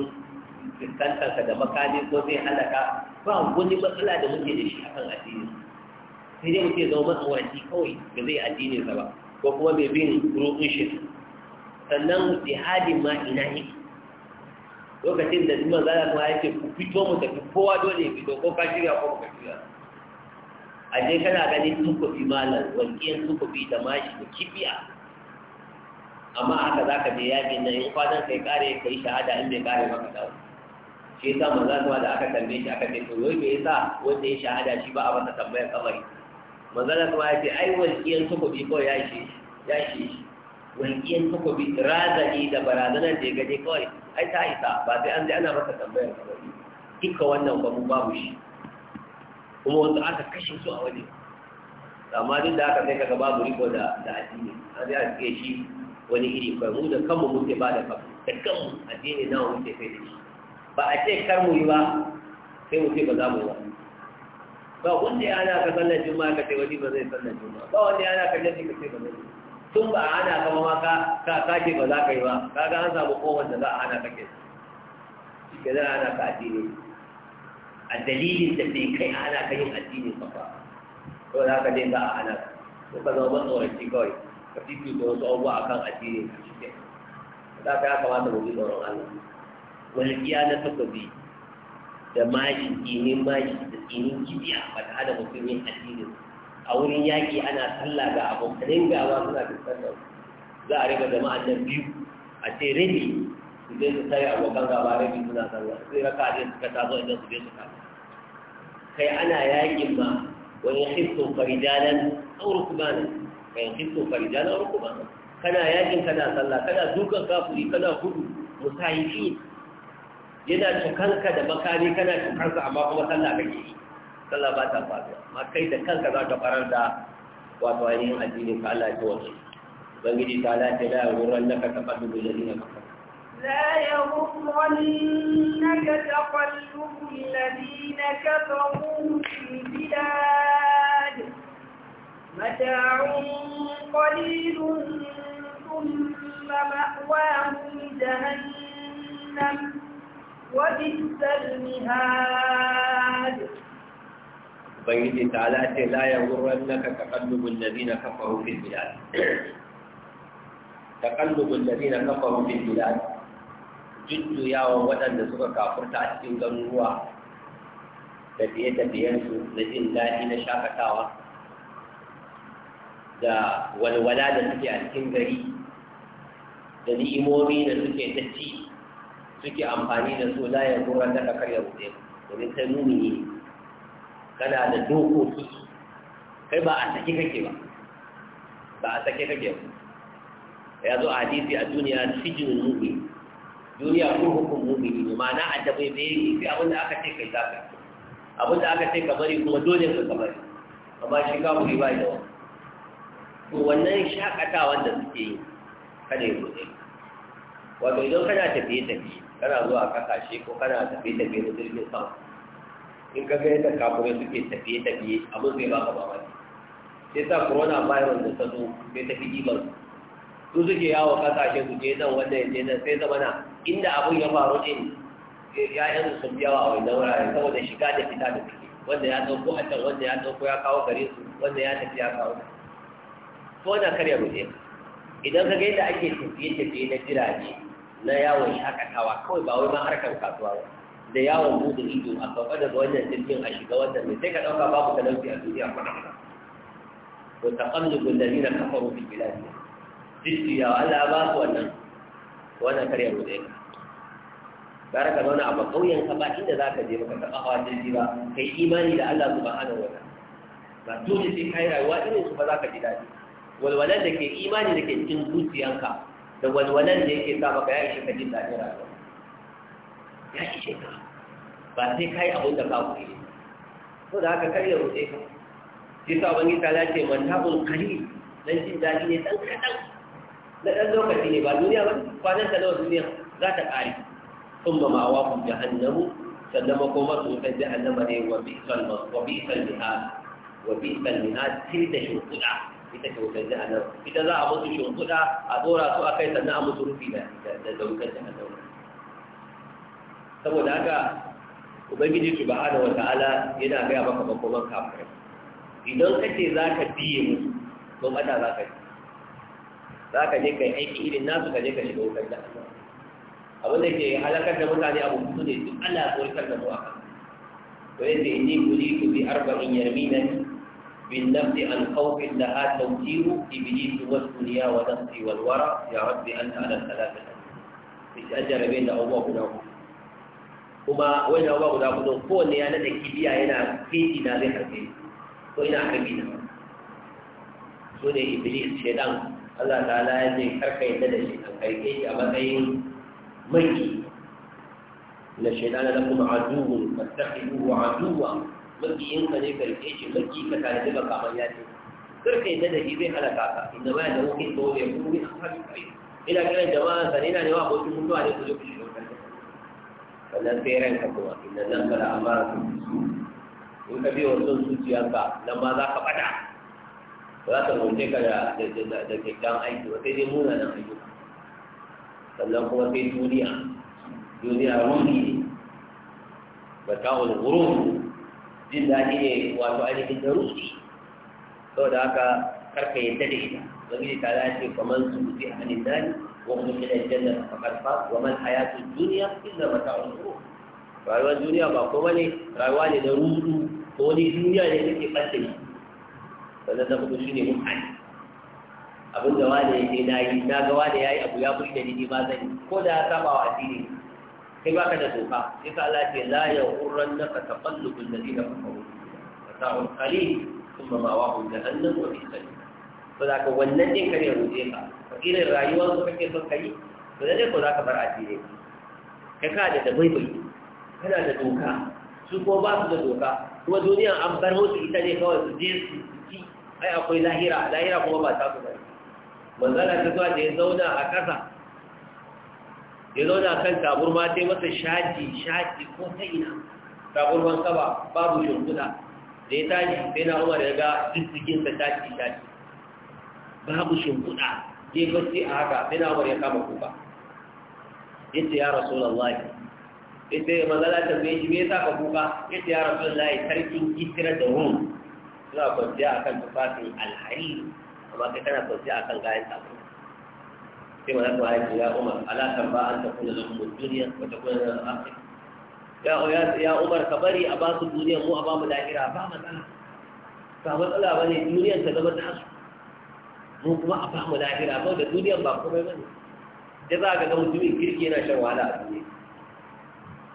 fuskantarka da makami ko zai halaka ba wani matsala da muke da shi akan addini sai dai muke zama matsawaci kawai da zai addini sa ba ko kuma bai bin rukun shi sannan jihadin ma ina yake lokacin da liman zala kuma ya ce ku fito mu tafi kowa dole ya fito ko ka shirya ko ka shirya a je kana ganin sun kufi malar walƙiyar sun kufi da mashi da kibiya amma haka za ka je yaƙi nan in kwanan kai kare ka yi shahada in bai kare maka dawo shi yasa maza zuwa da aka tambaye shi aka ce to wai me yasa wanda ya shahada shi ba a masa tambayar kamari na kuma ya ce ai walƙiyar sun fi kawai ya ishe shi ya shi walƙiyar sun kufi razani da barazanar da ya gaje kawai ai ta isa ba sai an je ana masa tambayar ba duka wannan ba mu babu shi kuma wanda aka kashe su a waje amma duk da aka kai kaga babu riko da da addini an je a shi wani iri kai mu da kanmu muke ba da kanmu da kanmu addini nawa muke kai da shi ba a ce kar mu yi ba sai mu ce ba za mu yi ba ba wanda ya ana ka sallar juma'a ka ce wani ba zai sallar juma'a ba wanda ya ana ka jaji ka ce ba zai tun ba a hana kama ma ka ka kace ba za ka yi ba ga an samu kowanne da za a hana ka ke ke za a hana ka addini a dalilin da bai kai hana ka yin addini ba ba ko za ka dai za a hana ka ko ka zama matsoranci kawai ka fito da wasu abubuwa akan addini ka shi ke za ka ya kamata mu bi tsoron Allah wani na ta bi da mashi ɗinin mashi da tsinin kibiya ba ta hada mutum yin ba a wurin yaƙi ana sallah ga abokanin gawa suna fuskantar za a riga jama'a nan biyu a ce rabi su je su tare abokan gawa rabi suna sallah sai raka ne suka tazo idan su je su kama kai ana yaƙin ma wani hisso farijanan auru kuma ne kai hisso farijanan auru kuma ne kana yaƙin kana sallah kana dukan kafuri kana gudu fiye. yana cikanka da makami kana cikanka amma kuma sallah kake yi sallah ba ta faruwa amma kai da kanka za ka farar da wato ainihin addinin ka Allah ya wace ubangiji ta da Allah ta la yurran da taqallubul ladina kafaru la yurrannaka taqallubul ladina kafaru fil bilad mata'un qalilun thumma ma'wahum jahannam وبئس المهاد ubangiji ta alace la ya wurin naka takallubun ladina kafaru fil bilad takallubun ladina kafaru fil bilad yawon waɗanda suka kafurta a cikin ganuwa garuruwa tafiye-tafiyensu na jin daɗi na shakatawa da walwala da suke a cikin gari da ni'imomi da suke ta ci suke amfani da su la ya wurin naka karya rufe domin ta nuni ne kana da dokoki kai ba a sake kake ba ba a sake kake ba ya zo a hadisi a duniya sijinul mu'min duniya ko hukun mu'mini ne ma'ana addabai bai yi sai abin da aka ce kai zaka abin da aka ce ka bari kuma dole ka ka bari amma shi ka buri ba yawa to wannan shakatawan da suke yi kada ya bude wato idan kana tafiye-tafiye kana zuwa kasashe ko kana tafiye-tafiye da jirgin sama in ka ga yadda kafirai suke tafiye-tafiye abin zai baka wani sai sa corona virus da ta zo sai tafi iman su suke yawo kasashe su je nan wanda ya je nan sai zama na inda abin ya faru din eh, ya'yan su sun yawa a wannan wurare saboda shiga da fita da suke wanda ya ɗauko a can wanda ya ɗauko ya kawo gare su wanda ya tafi ya kawo to na karya ruje idan ka ga yadda ake tafiye-tafiye na jirage na yawon shakatawa kawai ba wai ma harkar kasuwa ba da yawon bude ido a kafa daga wannan jirgin a shiga wannan mai sai ka ɗauka babu talauci a duniya kwata-kwata ko taƙallubun da nina kafaru fi biladi jiki ya Allah ba su wannan wannan karyar mu da yake gara ka zauna a bakauyen ka ba inda za ka je maka taɓa hawa jirgi ba ka yi imani da Allah subhanahu hana ta'ala ba dole sai ka yi rayuwa irin su ba za ka ji daɗi walwalar da ke imani da ke cikin zuciyanka da walwalar da yake sa maka ya ishe ka jin daɗin rayuwa ya ishe ka ba sai ka yi abin da ka kuri ko da haka karya ya rufe ka shi sa wani tala ce mantabun kari dan jin daɗi ne ɗan kaɗan na ɗan lokaci ne ba duniya ba kwanan ta nawa duniya za ta ƙare sun ba ma wa ku jahannamu sannan ma su sun jahannama ne wa bi salma wa bi salmiha wa bi salmiha ita ce wutar jahannama ita za a mutu shunkuda a tsora su a kai sannan a musu rufi da da wutar jahannama saboda haka ubangiji subhanahu wata'ala yana gaya maka makoman kafirai idan kace za ka biye musu to mata za ka yi za ka je ka yi aiki irin nasu ka je ka shiga wutar da abin da ke halakar da mutane abu kudu ne duk Allah tsorkar da su a kan to yadda inni ku bi arba'in yarminan su wasu عن خوف لها توجيه ya والدنيا ونفسي والورى يا رب انت على الثلاثه اجل بين guda له kuma wajen na ba guda kudu kowanne ya nada kibiya yana keji na zai harfe ko ina harbi na su ne ibili shaidan allah ta'ala ya ce karka yadda da shi a karke shi a matsayin maki na shaidan da kuma a duhu aduwa ka ne karke shi maki ka tare da baka manya ce karka yadda da shi zai halaka ka inda ma yadda da tsohon ya kuma wani a kare ina kiran jama'a sanina ne wa abokin mutuwa ne ko je kushe. sannan sai ranka kuma inda nan ka da amara su in ka biyo son zuciyarka nan ma za ka bada ba za ka rute ka da kyakkyawan aiki ba sai dai munanan ayyuka sannan kuma sai duniya duniya ba ne wani wurin jin daɗi ne wato ainihin da ruhi saboda haka karka yadda da ita wani ta dace kamar su ji a hannun dani وادخل الجنة فقد فاز وما الحياة الدنيا إلا متاع الغرور rayuwar duniya ba kuma ne rayuwa ne da rudu ko ne duniya ne take fata yi sannan na hudu shi ne mutane abin da wani ya ce na yi na ga wani ya yi abu ya fushi da ni ma zan ko da ya saba wa addini kai baka da doka sai ka Allah ce ya qurran ka ka irin rayuwar su kake son kai to da ko za ka bar addini ka ka da da baibai kana da doka su ko ba su da doka kuma duniya an bar musu ita ne kawai su je su ci ai akwai lahira lahira kuma ba ta su bari manzala ta zuwa da ya zauna a ƙasa ya zauna kan taburma ta yi masa shaji shaji ko ta ina taburman kaba babu shimfiɗa da ya tashi sai na umar ya ga dukkan ta tashi shaji. babu shimfiɗa yi bacci a haka sai na ya kama kuka yace ya rasulullahi yace maza za ta me shi me yasa ka kuka yace ya rasulullahi sarkin kisra da rum suna kwanciya akan tufafin alhari amma kai kana kwanciya akan kayan sabo sai maza ta haifi ya umar ala kan ba an ta kula da lamun duniya wata kula da akhir ya ya umar kabari bari a basu duniya mu a bamu lahira ba matsala ba matsala bane duniyar ta zama ta hasu mu kuma a famu lahira ba da duniyan ba komai bane da za ka ga mutumin kirki yana shan wahala a duniya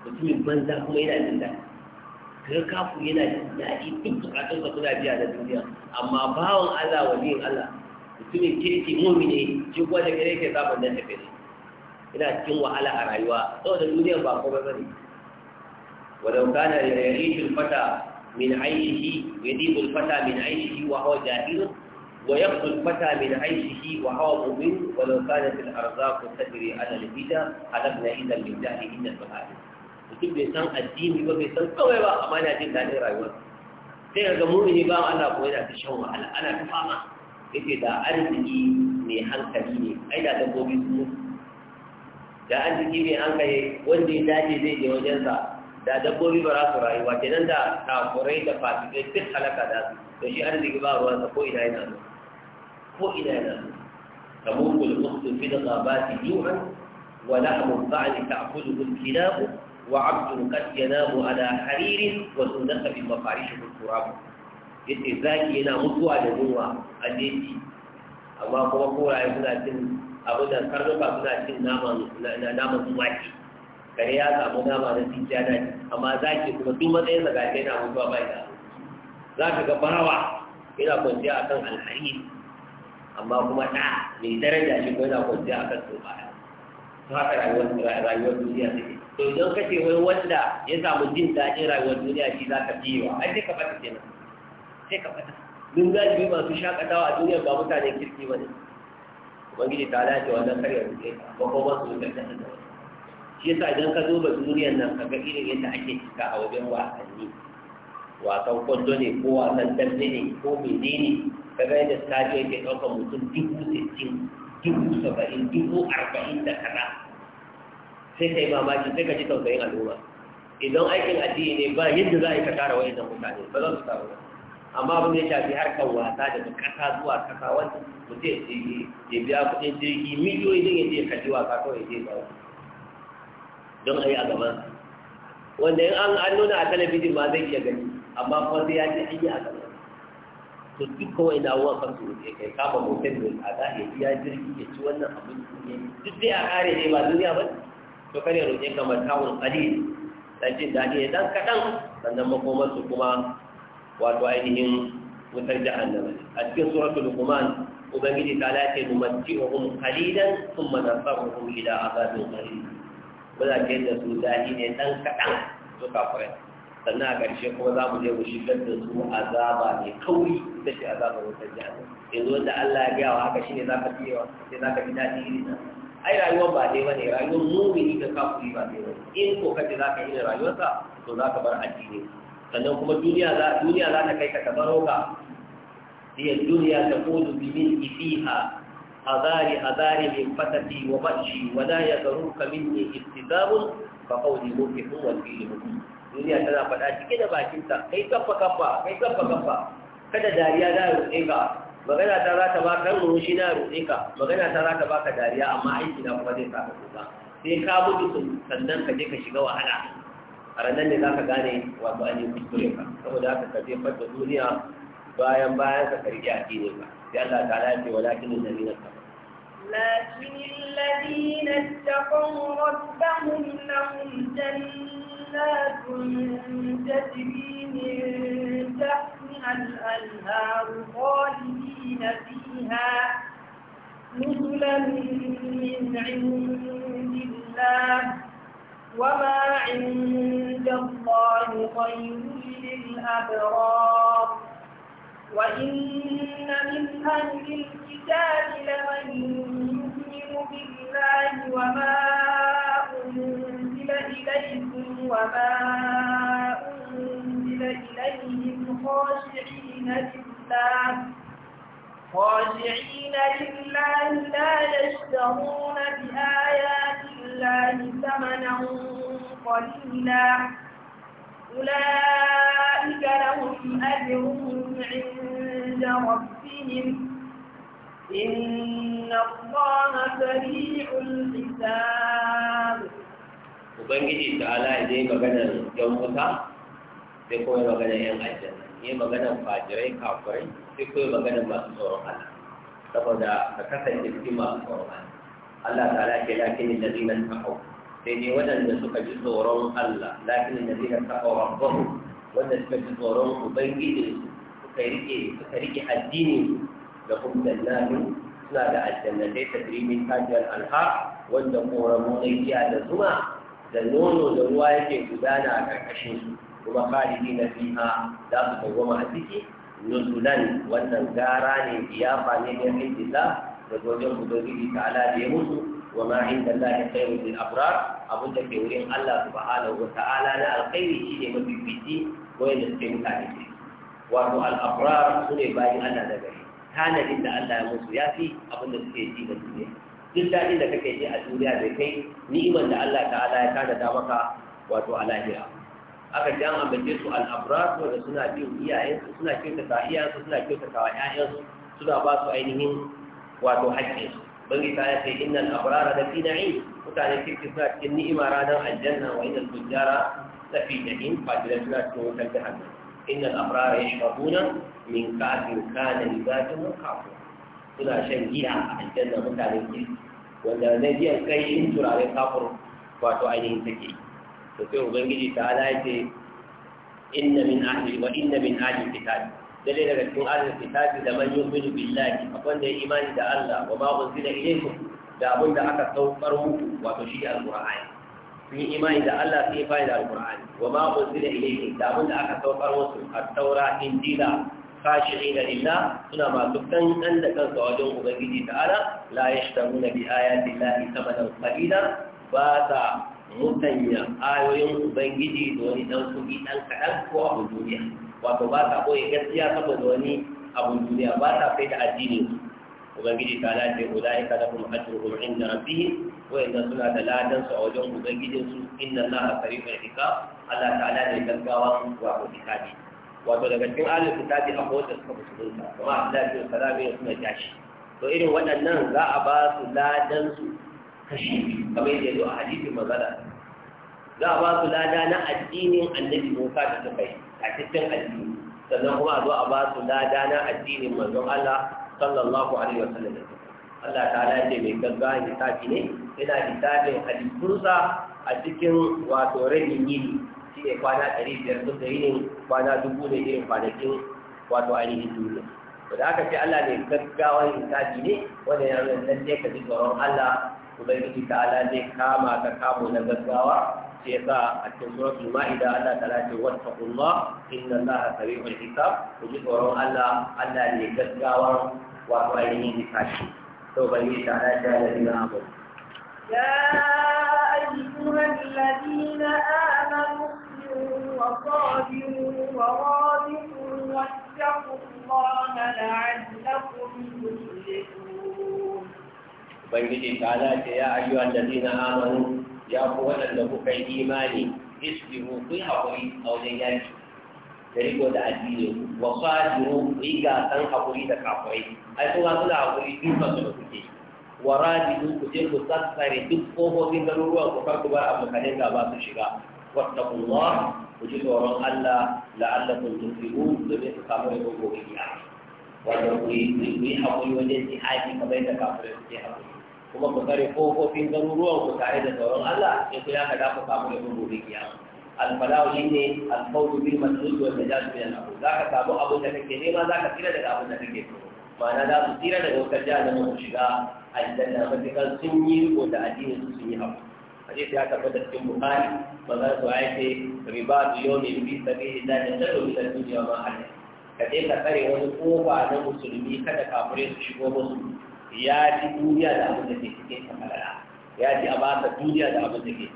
mutumin banza kuma yana jin daɗi kaga kafu yana jin daɗi duk bukatun sa suna biya da duniya amma bawan Allah waliyin Allah mutumin kirki mumine shi kuma da gare ke zaɓar nan tafi ne ina cikin wahala a rayuwa saboda duniyan ba kuma komai bane ولو كان يعيش الفتى من عيشه يذيب الفتى من عيشه وهو جاهل ويقضي الفتى من عيشه وهو مؤمن ولو كانت الارزاق تجري على الهدى حلبنا اذا من جهلهن المعارف mutum bai san addini ba bai san kawai ba amma yana jin daɗin rayuwar sai ga mumini ba Allah ko yana ta shan wahala ana ta fama yake da arziki mai hankali ne ai da dabbobi sun mutu da arziki mai hankali wanda ya dace zai je wajensa da dabbobi ba za su rayuwa kenan da takurai da fasikai duk halaka da su to shi arziki ba ruwansa ko ina yana zuwa وإلى نام تموت الأخت في الغابات جوعا ولحم الضعن تأكله الكلاب وعبد قد ينام على حرير وتنسى بمفارشه التراب yace zaki yana mutuwa da yunwa a jeji amma kuma koraye suna cin abin da karnuka suna cin naman tumaki kare ya samu nama na cikiya na amma zaki kuma duk matsayin sa gashi yana mutuwa bai da za ka ga barawa yana amma kuma ɗa mai daraja shi ko yana kwanciya a kan baya to haka rayuwar duniya take to idan ka ce wai wanda ya samu jin daɗin rayuwar duniya shi za ka fi yi wa ai sai ka fata kenan sai ka fata dun galibi masu shakatawa a duniya ba mutanen kirki ba ne ubangiji ta dace wannan karya rufe ba ko ba su yi kasa da wani shi yasa idan ka zo ba duniyar nan ka ga irin yadda ake cika a wajen wasanni wasan kwando ne ko wasan dambe ne ko menene daga yadda stadiyo ke ɗaukar mutum dubu sittin dubu saba'in dubu arba'in da kaza sai ka yi mamaki sai ka ji tausayin al'umma idan aikin addini ne ba yadda za a yi ka tara wa'in nan mutane ba za su taru ba amma abin da ya shafi harkar wasa daga kasa zuwa kasa wanda mutum ya biya kuɗin jirgi miliyoyi don ya je kalli wasa kawai ya je ba don a yi a gaban wanda in an nuna a talabijin ma zai iya gani amma kuma sai ya ce an yi a gaban to duka wai na uwa kan su ke kai kama motar mai tsada ya jirgi ya ci wannan abin ne duk dai a kare ne ba duniya ba to kare roƙe ka matawun qalil dan jin daɗi ya dan kaɗan sannan makomar su kuma wato ainihin wutar jahannama a cikin suratul luqman ubangiji ta lace numatti'uhum qalilan thumma nasarruhum ila azabin qalil wala kai da su daɗi ne dan kaɗan to kafirai sannan a ƙarshe kuma za mu je mu shigar da su azaba mai kauri da shi azaba wutar jihar yanzu wanda Allah ya gaya wa haka shine za ka fi wa sai za ka fi daɗi iri na ai rayuwar ba dai bane rayuwar mumini da kafiri ba dai bane in ko kace za ka yi rayuwarsa to za ka bar addini sannan kuma duniya za duniya za ta kai ka tabaro ka hiya ta kudu bi min fiha azari azari min fatati wa bashi wa la yadruka minni istidabun fa qawli mukifun wa fihi mukifun duniya tana faɗa cike da bakinta kai kafa kafa kai kafa kafa kada dariya za a rufe ka magana ta za ta ba kan rushi na rufe ka magana ta za ta ba ka dariya amma aiki na kuma zai saka kuka sai ka gudu sannan ka je ka shiga wahala a ranar ne za ka gane wato an yi kuskure ka saboda haka ka jefar da duniya bayan bayan ka karbi addini ba sai Allah ta lafi walakin da ka لكن الذين اتقوا ربهم لهم جنات جنات تجري من تحتها الأنهار خالدين فيها نزلا من عند الله وما عند الله خير للأبرار وإن من أهل الكتاب لمن يؤمن بالله وما أمر أنزل إليكم وما أنزل إليهم خاشعين لله خاشعين لله لا يشترون بآيات الله ثمنا قليلا أولئك لهم أجرهم عند ربهم إن الله سريع الحساب ubangiji ta'ala ala yi maganar yan wuta sai kuma yi maganar yan aljanna yi maganar fajirai kafirai sai kuma yi maganar masu tsoron Allah saboda ka kasance cikin masu tsoron Allah Allah ta ke lakini da zinan takau sai dai waɗanda suka ji tsoron Allah lakini da zinan takau rabbahu wanda suka ji tsoron ubangiji suka rike suka rike addini da kuma jannatin suna da aljannatai tajrimin tajiyar alha wanda koramu ne da zuma da nono da ruwa yake gudana a karkashin su kuma khalidi na fiha za su dawwama a ciki nuzulan wannan gara ne biyafa ne ne indila da wajen ubangiji ta ala da ya mutu wa ma inda Allah ya kai lil abrar abun da ke wurin Allah subhanahu wa ta'ala na alkhairi shine mafifici ko yadda suke mutane ce wato al abrar sune bayan Allah da gari tanadin da Allah ya mutu ya fi abin da suke ji da duniya duk daɗin da kake ji a duniya bai kai ni'imar da Allah ta'ala ya tada da maka wato a lahira aka ji an ambace su al'abrar da suna bin iyayensu suna kyautata iyayensu suna kyautata wa ƴaƴansu suna ba su ainihin wato haƙƙinsu bangi ta ya ce inna al'abrar da fi na'i mutane kirki suna cikin ni'ima ranar aljanna wa inna al-fujjara la fi na'im fadilan suna cikin wutar jahannam inna al'abrar yashrabuna min ka'abin kana libatun kafur suna shan giya a aljanna mutanen kirki wanda na biyan kai turaren kafur wato ainihin take to sai ubangiji ta ala ce inna min ahli wa inna min ahli kitab dare daga cikin ahli kitab da man yu'minu billahi akwai da imani da Allah wa ma unzila ilaykum da abin da aka saukar muku wato shi da alqur'ani Ni imani da Allah sai ya fa'ida alqur'ani wa ma unzila ilaykum da abin da aka saukar musu at-taura injila Kashi na lillah suna masu kankan da ɗansa wajen ubangiji ta ta'ala la yashtaruna bi ayati llahi thamanan qalila ba ta mutanya ayoyin ubangiji da wani dan kuɗi dan kaɗan ko abu duniya wato ba ta koyi gaskiya saboda wani abu duniya ba ta kai da addini ubangiji ta lafi ulaika lahum ajruhum inda rabbihim wa inna suna da ladan a wajen ubangijin su inna allaha sari'ul hisab Allah ta'ala ne gaggawa wa ko hisabi wato daga cikin ahlul kitabi a kowace suka musulunta kuma Abdullahi bin Salam ya suna jashi to irin waɗannan za a ba su ladan su kashi kamar yadda yazo a hadisin magana za a ba su lada na addinin annabi Musa da suka yi a cikin addini sannan kuma a zo a ba su lada na addinin manzon Allah sallallahu alaihi wasallam Allah ta'ala ce mai gaggawa hisabi ne yana hisabin halittunsa a cikin wato rabin yini shi ne kwana ɗari biyar duk da yini kwana dubu ne irin kwanakin wato ainihin duniya to da aka ce Allah ne gaggawan hisabi ne wanda ya nuna lalle ka ji tsoron Allah ubangiji ta Allah zai kama ka kamo na gaggawa sai sa a cikin suratul ma'ida Allah ta ce za inna Allaha wani hisab ku ji tsoron Allah Allah ne gaggawan wato ainihin hisabi to ubangiji ta Allah ta lalina amanu يا أيها الذين آمنوا وصابروا ورابطوا واتقوا الله لعلكم تفلحون Ubangiji ta dace ya ayyuwa da zina amanu ya ku waɗanda kuka yi imani isbiru ku yi haƙuri a wajen yaki da riko da addini wa fadiru ku yi gasan haƙuri da kafirai ai kuma suna haƙuri dukan su da kuke wa radidu ku je ku sassare duk ƙofofin garuruwan ku kar ku bar abokanin ba su shiga واتقوا الله وجدوا رب الله لعلكم تفلحون domin ku samu rabo gobe kiyama wato ku yi haƙuri wajen jihadi kamar yadda kafirai suke haƙuri kuma ku kare kofofin garuruwan ku tare da tsoron Allah sai ku yaka da ku samu rabo gobe kiyama alfalahu shine alfawdu bil matlub wal najat min al za ka samu abin da ne ma za ka tsira daga abin da kake so ma'ana za su tsira daga wutar jahannama ku shiga na sun yi da addinin su yi hadisi ya tabbata cikin bukhari maza su aike ribatu yawmin bi sabilillahi khairu min ad-dunya wa ma alayha kaje ka tsare wani kofa na musulmi kada kafirai su shigo musu ya ji duniya da abin da ke cikin kamarara ya ji a basa duniya da abin da ke cikin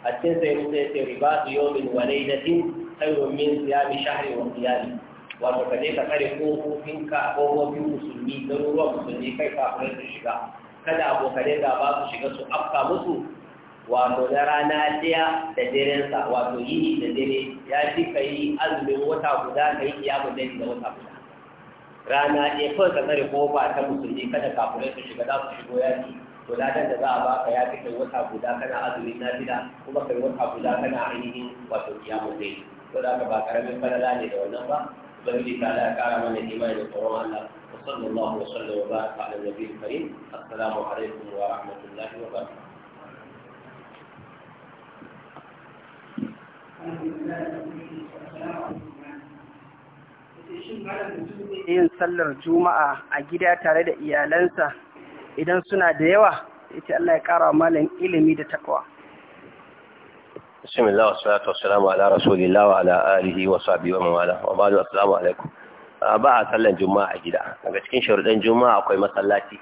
a cikin sai mutum ya ce ribatu yawmin wa lailatin khairun min siyami shahri wa qiyami wato ka je ka tsare kofofin ka kofofin musulmi garuruwan musulmi kai kafirai su shiga kada abokanai ba su shiga su afka musu wato da rana ɗaya da derensa wato yini da dare ya ji ka yi azumin wata guda ka yi kiyamun dare da wata guda rana ɗaya kawai ka tsare kofa ta musulmi kada kafirai su shiga za su shigo yaki to ladan da za a baka ya fi kai wata guda kana azumin na gida, kuma kai wata guda kana ainihin wato kiyamun dare to da ka ba karamin falala ne da wannan ba ubangiji ta da kara mana imani da tsoron Allah wa sallallahu wa sallam wa baraka ala nabiyil karim assalamu alaikum wa rahmatullahi wa barakatuh yin sallar juma'a a gida tare da iyalansa idan suna da yawa yace Allah ya kara malin ilimi da takwa bismillah wa salatu wa salamu ala rasulillah wa ala alihi wa sabi wa man wala wa ba'du assalamu alaikum ba a sallar juma'a a gida daga cikin sharuɗan juma'a akwai masallaci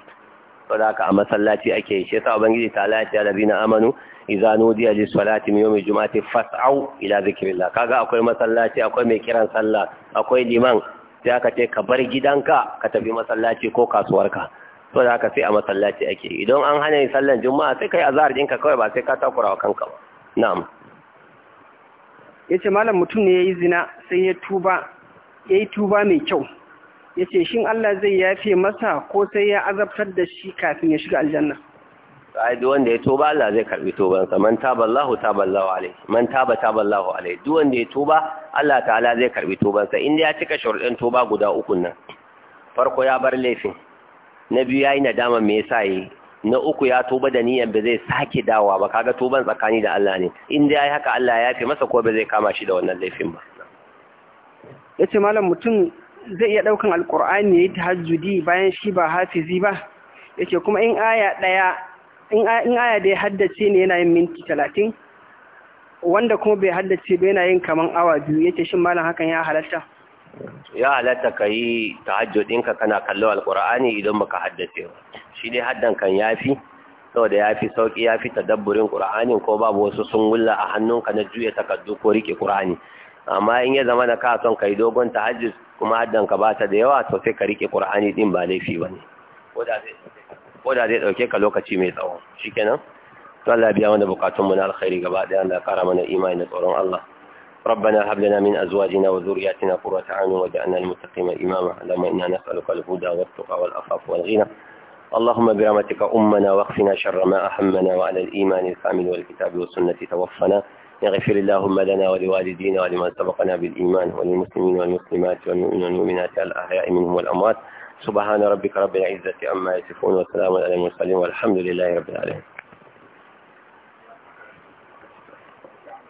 saboda haka a masallaci ake yi shi yasa ubangiji ta lafiya da bina amanu Izanu, nudiya lis salati min yawmil jumu'ati fas'au ila zikrillah kaga akwai masallaci akwai mai kiran sallah akwai liman sai aka ce ka bar gidanka ka tafi masallaci ko kasuwarka to da haka sai a masallaci ake idan an hana yin sallan juma'a sai kai azhar ɗinka kawai ba sai ka takurawa kanka ba na'am yace malam mutum ne yayi zina sai ya tuba yayi tuba mai kyau ya ce shin Allah zai yafe masa ko sai ya azabtar da shi kafin ya shiga aljanna ai duk wanda ya toba Allah zai karbi sa. man taba Allahu taba Allahu alaihi man taba taba Allahu alaihi duk wanda ya toba Allah ta'ala zai karbi sa. inda ya cika shuruɗin toba guda uku nan farko ya bar laifin na biyu yayi nadama me yasa yi na uku ya toba da niyan ba zai sake dawa ba kaga tuban tsakani da Allah ne Inda ya haka Allah ya yafe masa ko ba zai kama shi da wannan laifin ba yace malam mutum zai iya ɗaukan alkur'ani ya yi tahajjudi bayan shi ba hafizi ba yake kuma in aya ɗaya in aya da ya haddace ne yana yin minti talatin wanda kuma bai haddace ba yana yin kamar awa biyu yake shin malam hakan ya halatta ya halatta ka yi tahajjudinka kana kallo alkur'ani idan baka haddace ba shi dai haddan kan yafi saboda ya fi sauƙi ya fi tadabburin ƙur'ani ko babu wasu sun wulla a hannunka na juya takardu ko riƙe ƙur'ani amma in ya zama da ka son kai dogon tahajjud kuma haddan ka bata da yawa to sai ka rike qur'ani din ba laifi bane ko da zai ko da zai dauke ka lokaci mai tsawo shikenan to Allah biya bukatun mu na alkhairi gaba daya Allah kara mana imani da tsoron Allah ربنا هب لنا من أزواجنا وذرياتنا قرة عين واجعلنا للمتقين إماما اللهم إنا نسألك الهدى والتقى والعفاف والغنى اللهم برحمتك أمنا واخفنا شر ما أهمنا وعلى الإيمان الكامل والكتاب والسنة توفنا يغفر اللهم لنا ولوالدينا ولمن سبقنا بالإيمان وللمسلمين والمسلمات والمؤمنين والمؤمنات الأحياء منهم والأموات سبحان ربك رب العزة عما يصفون وسلام على المرسلين والحمد لله رب العالمين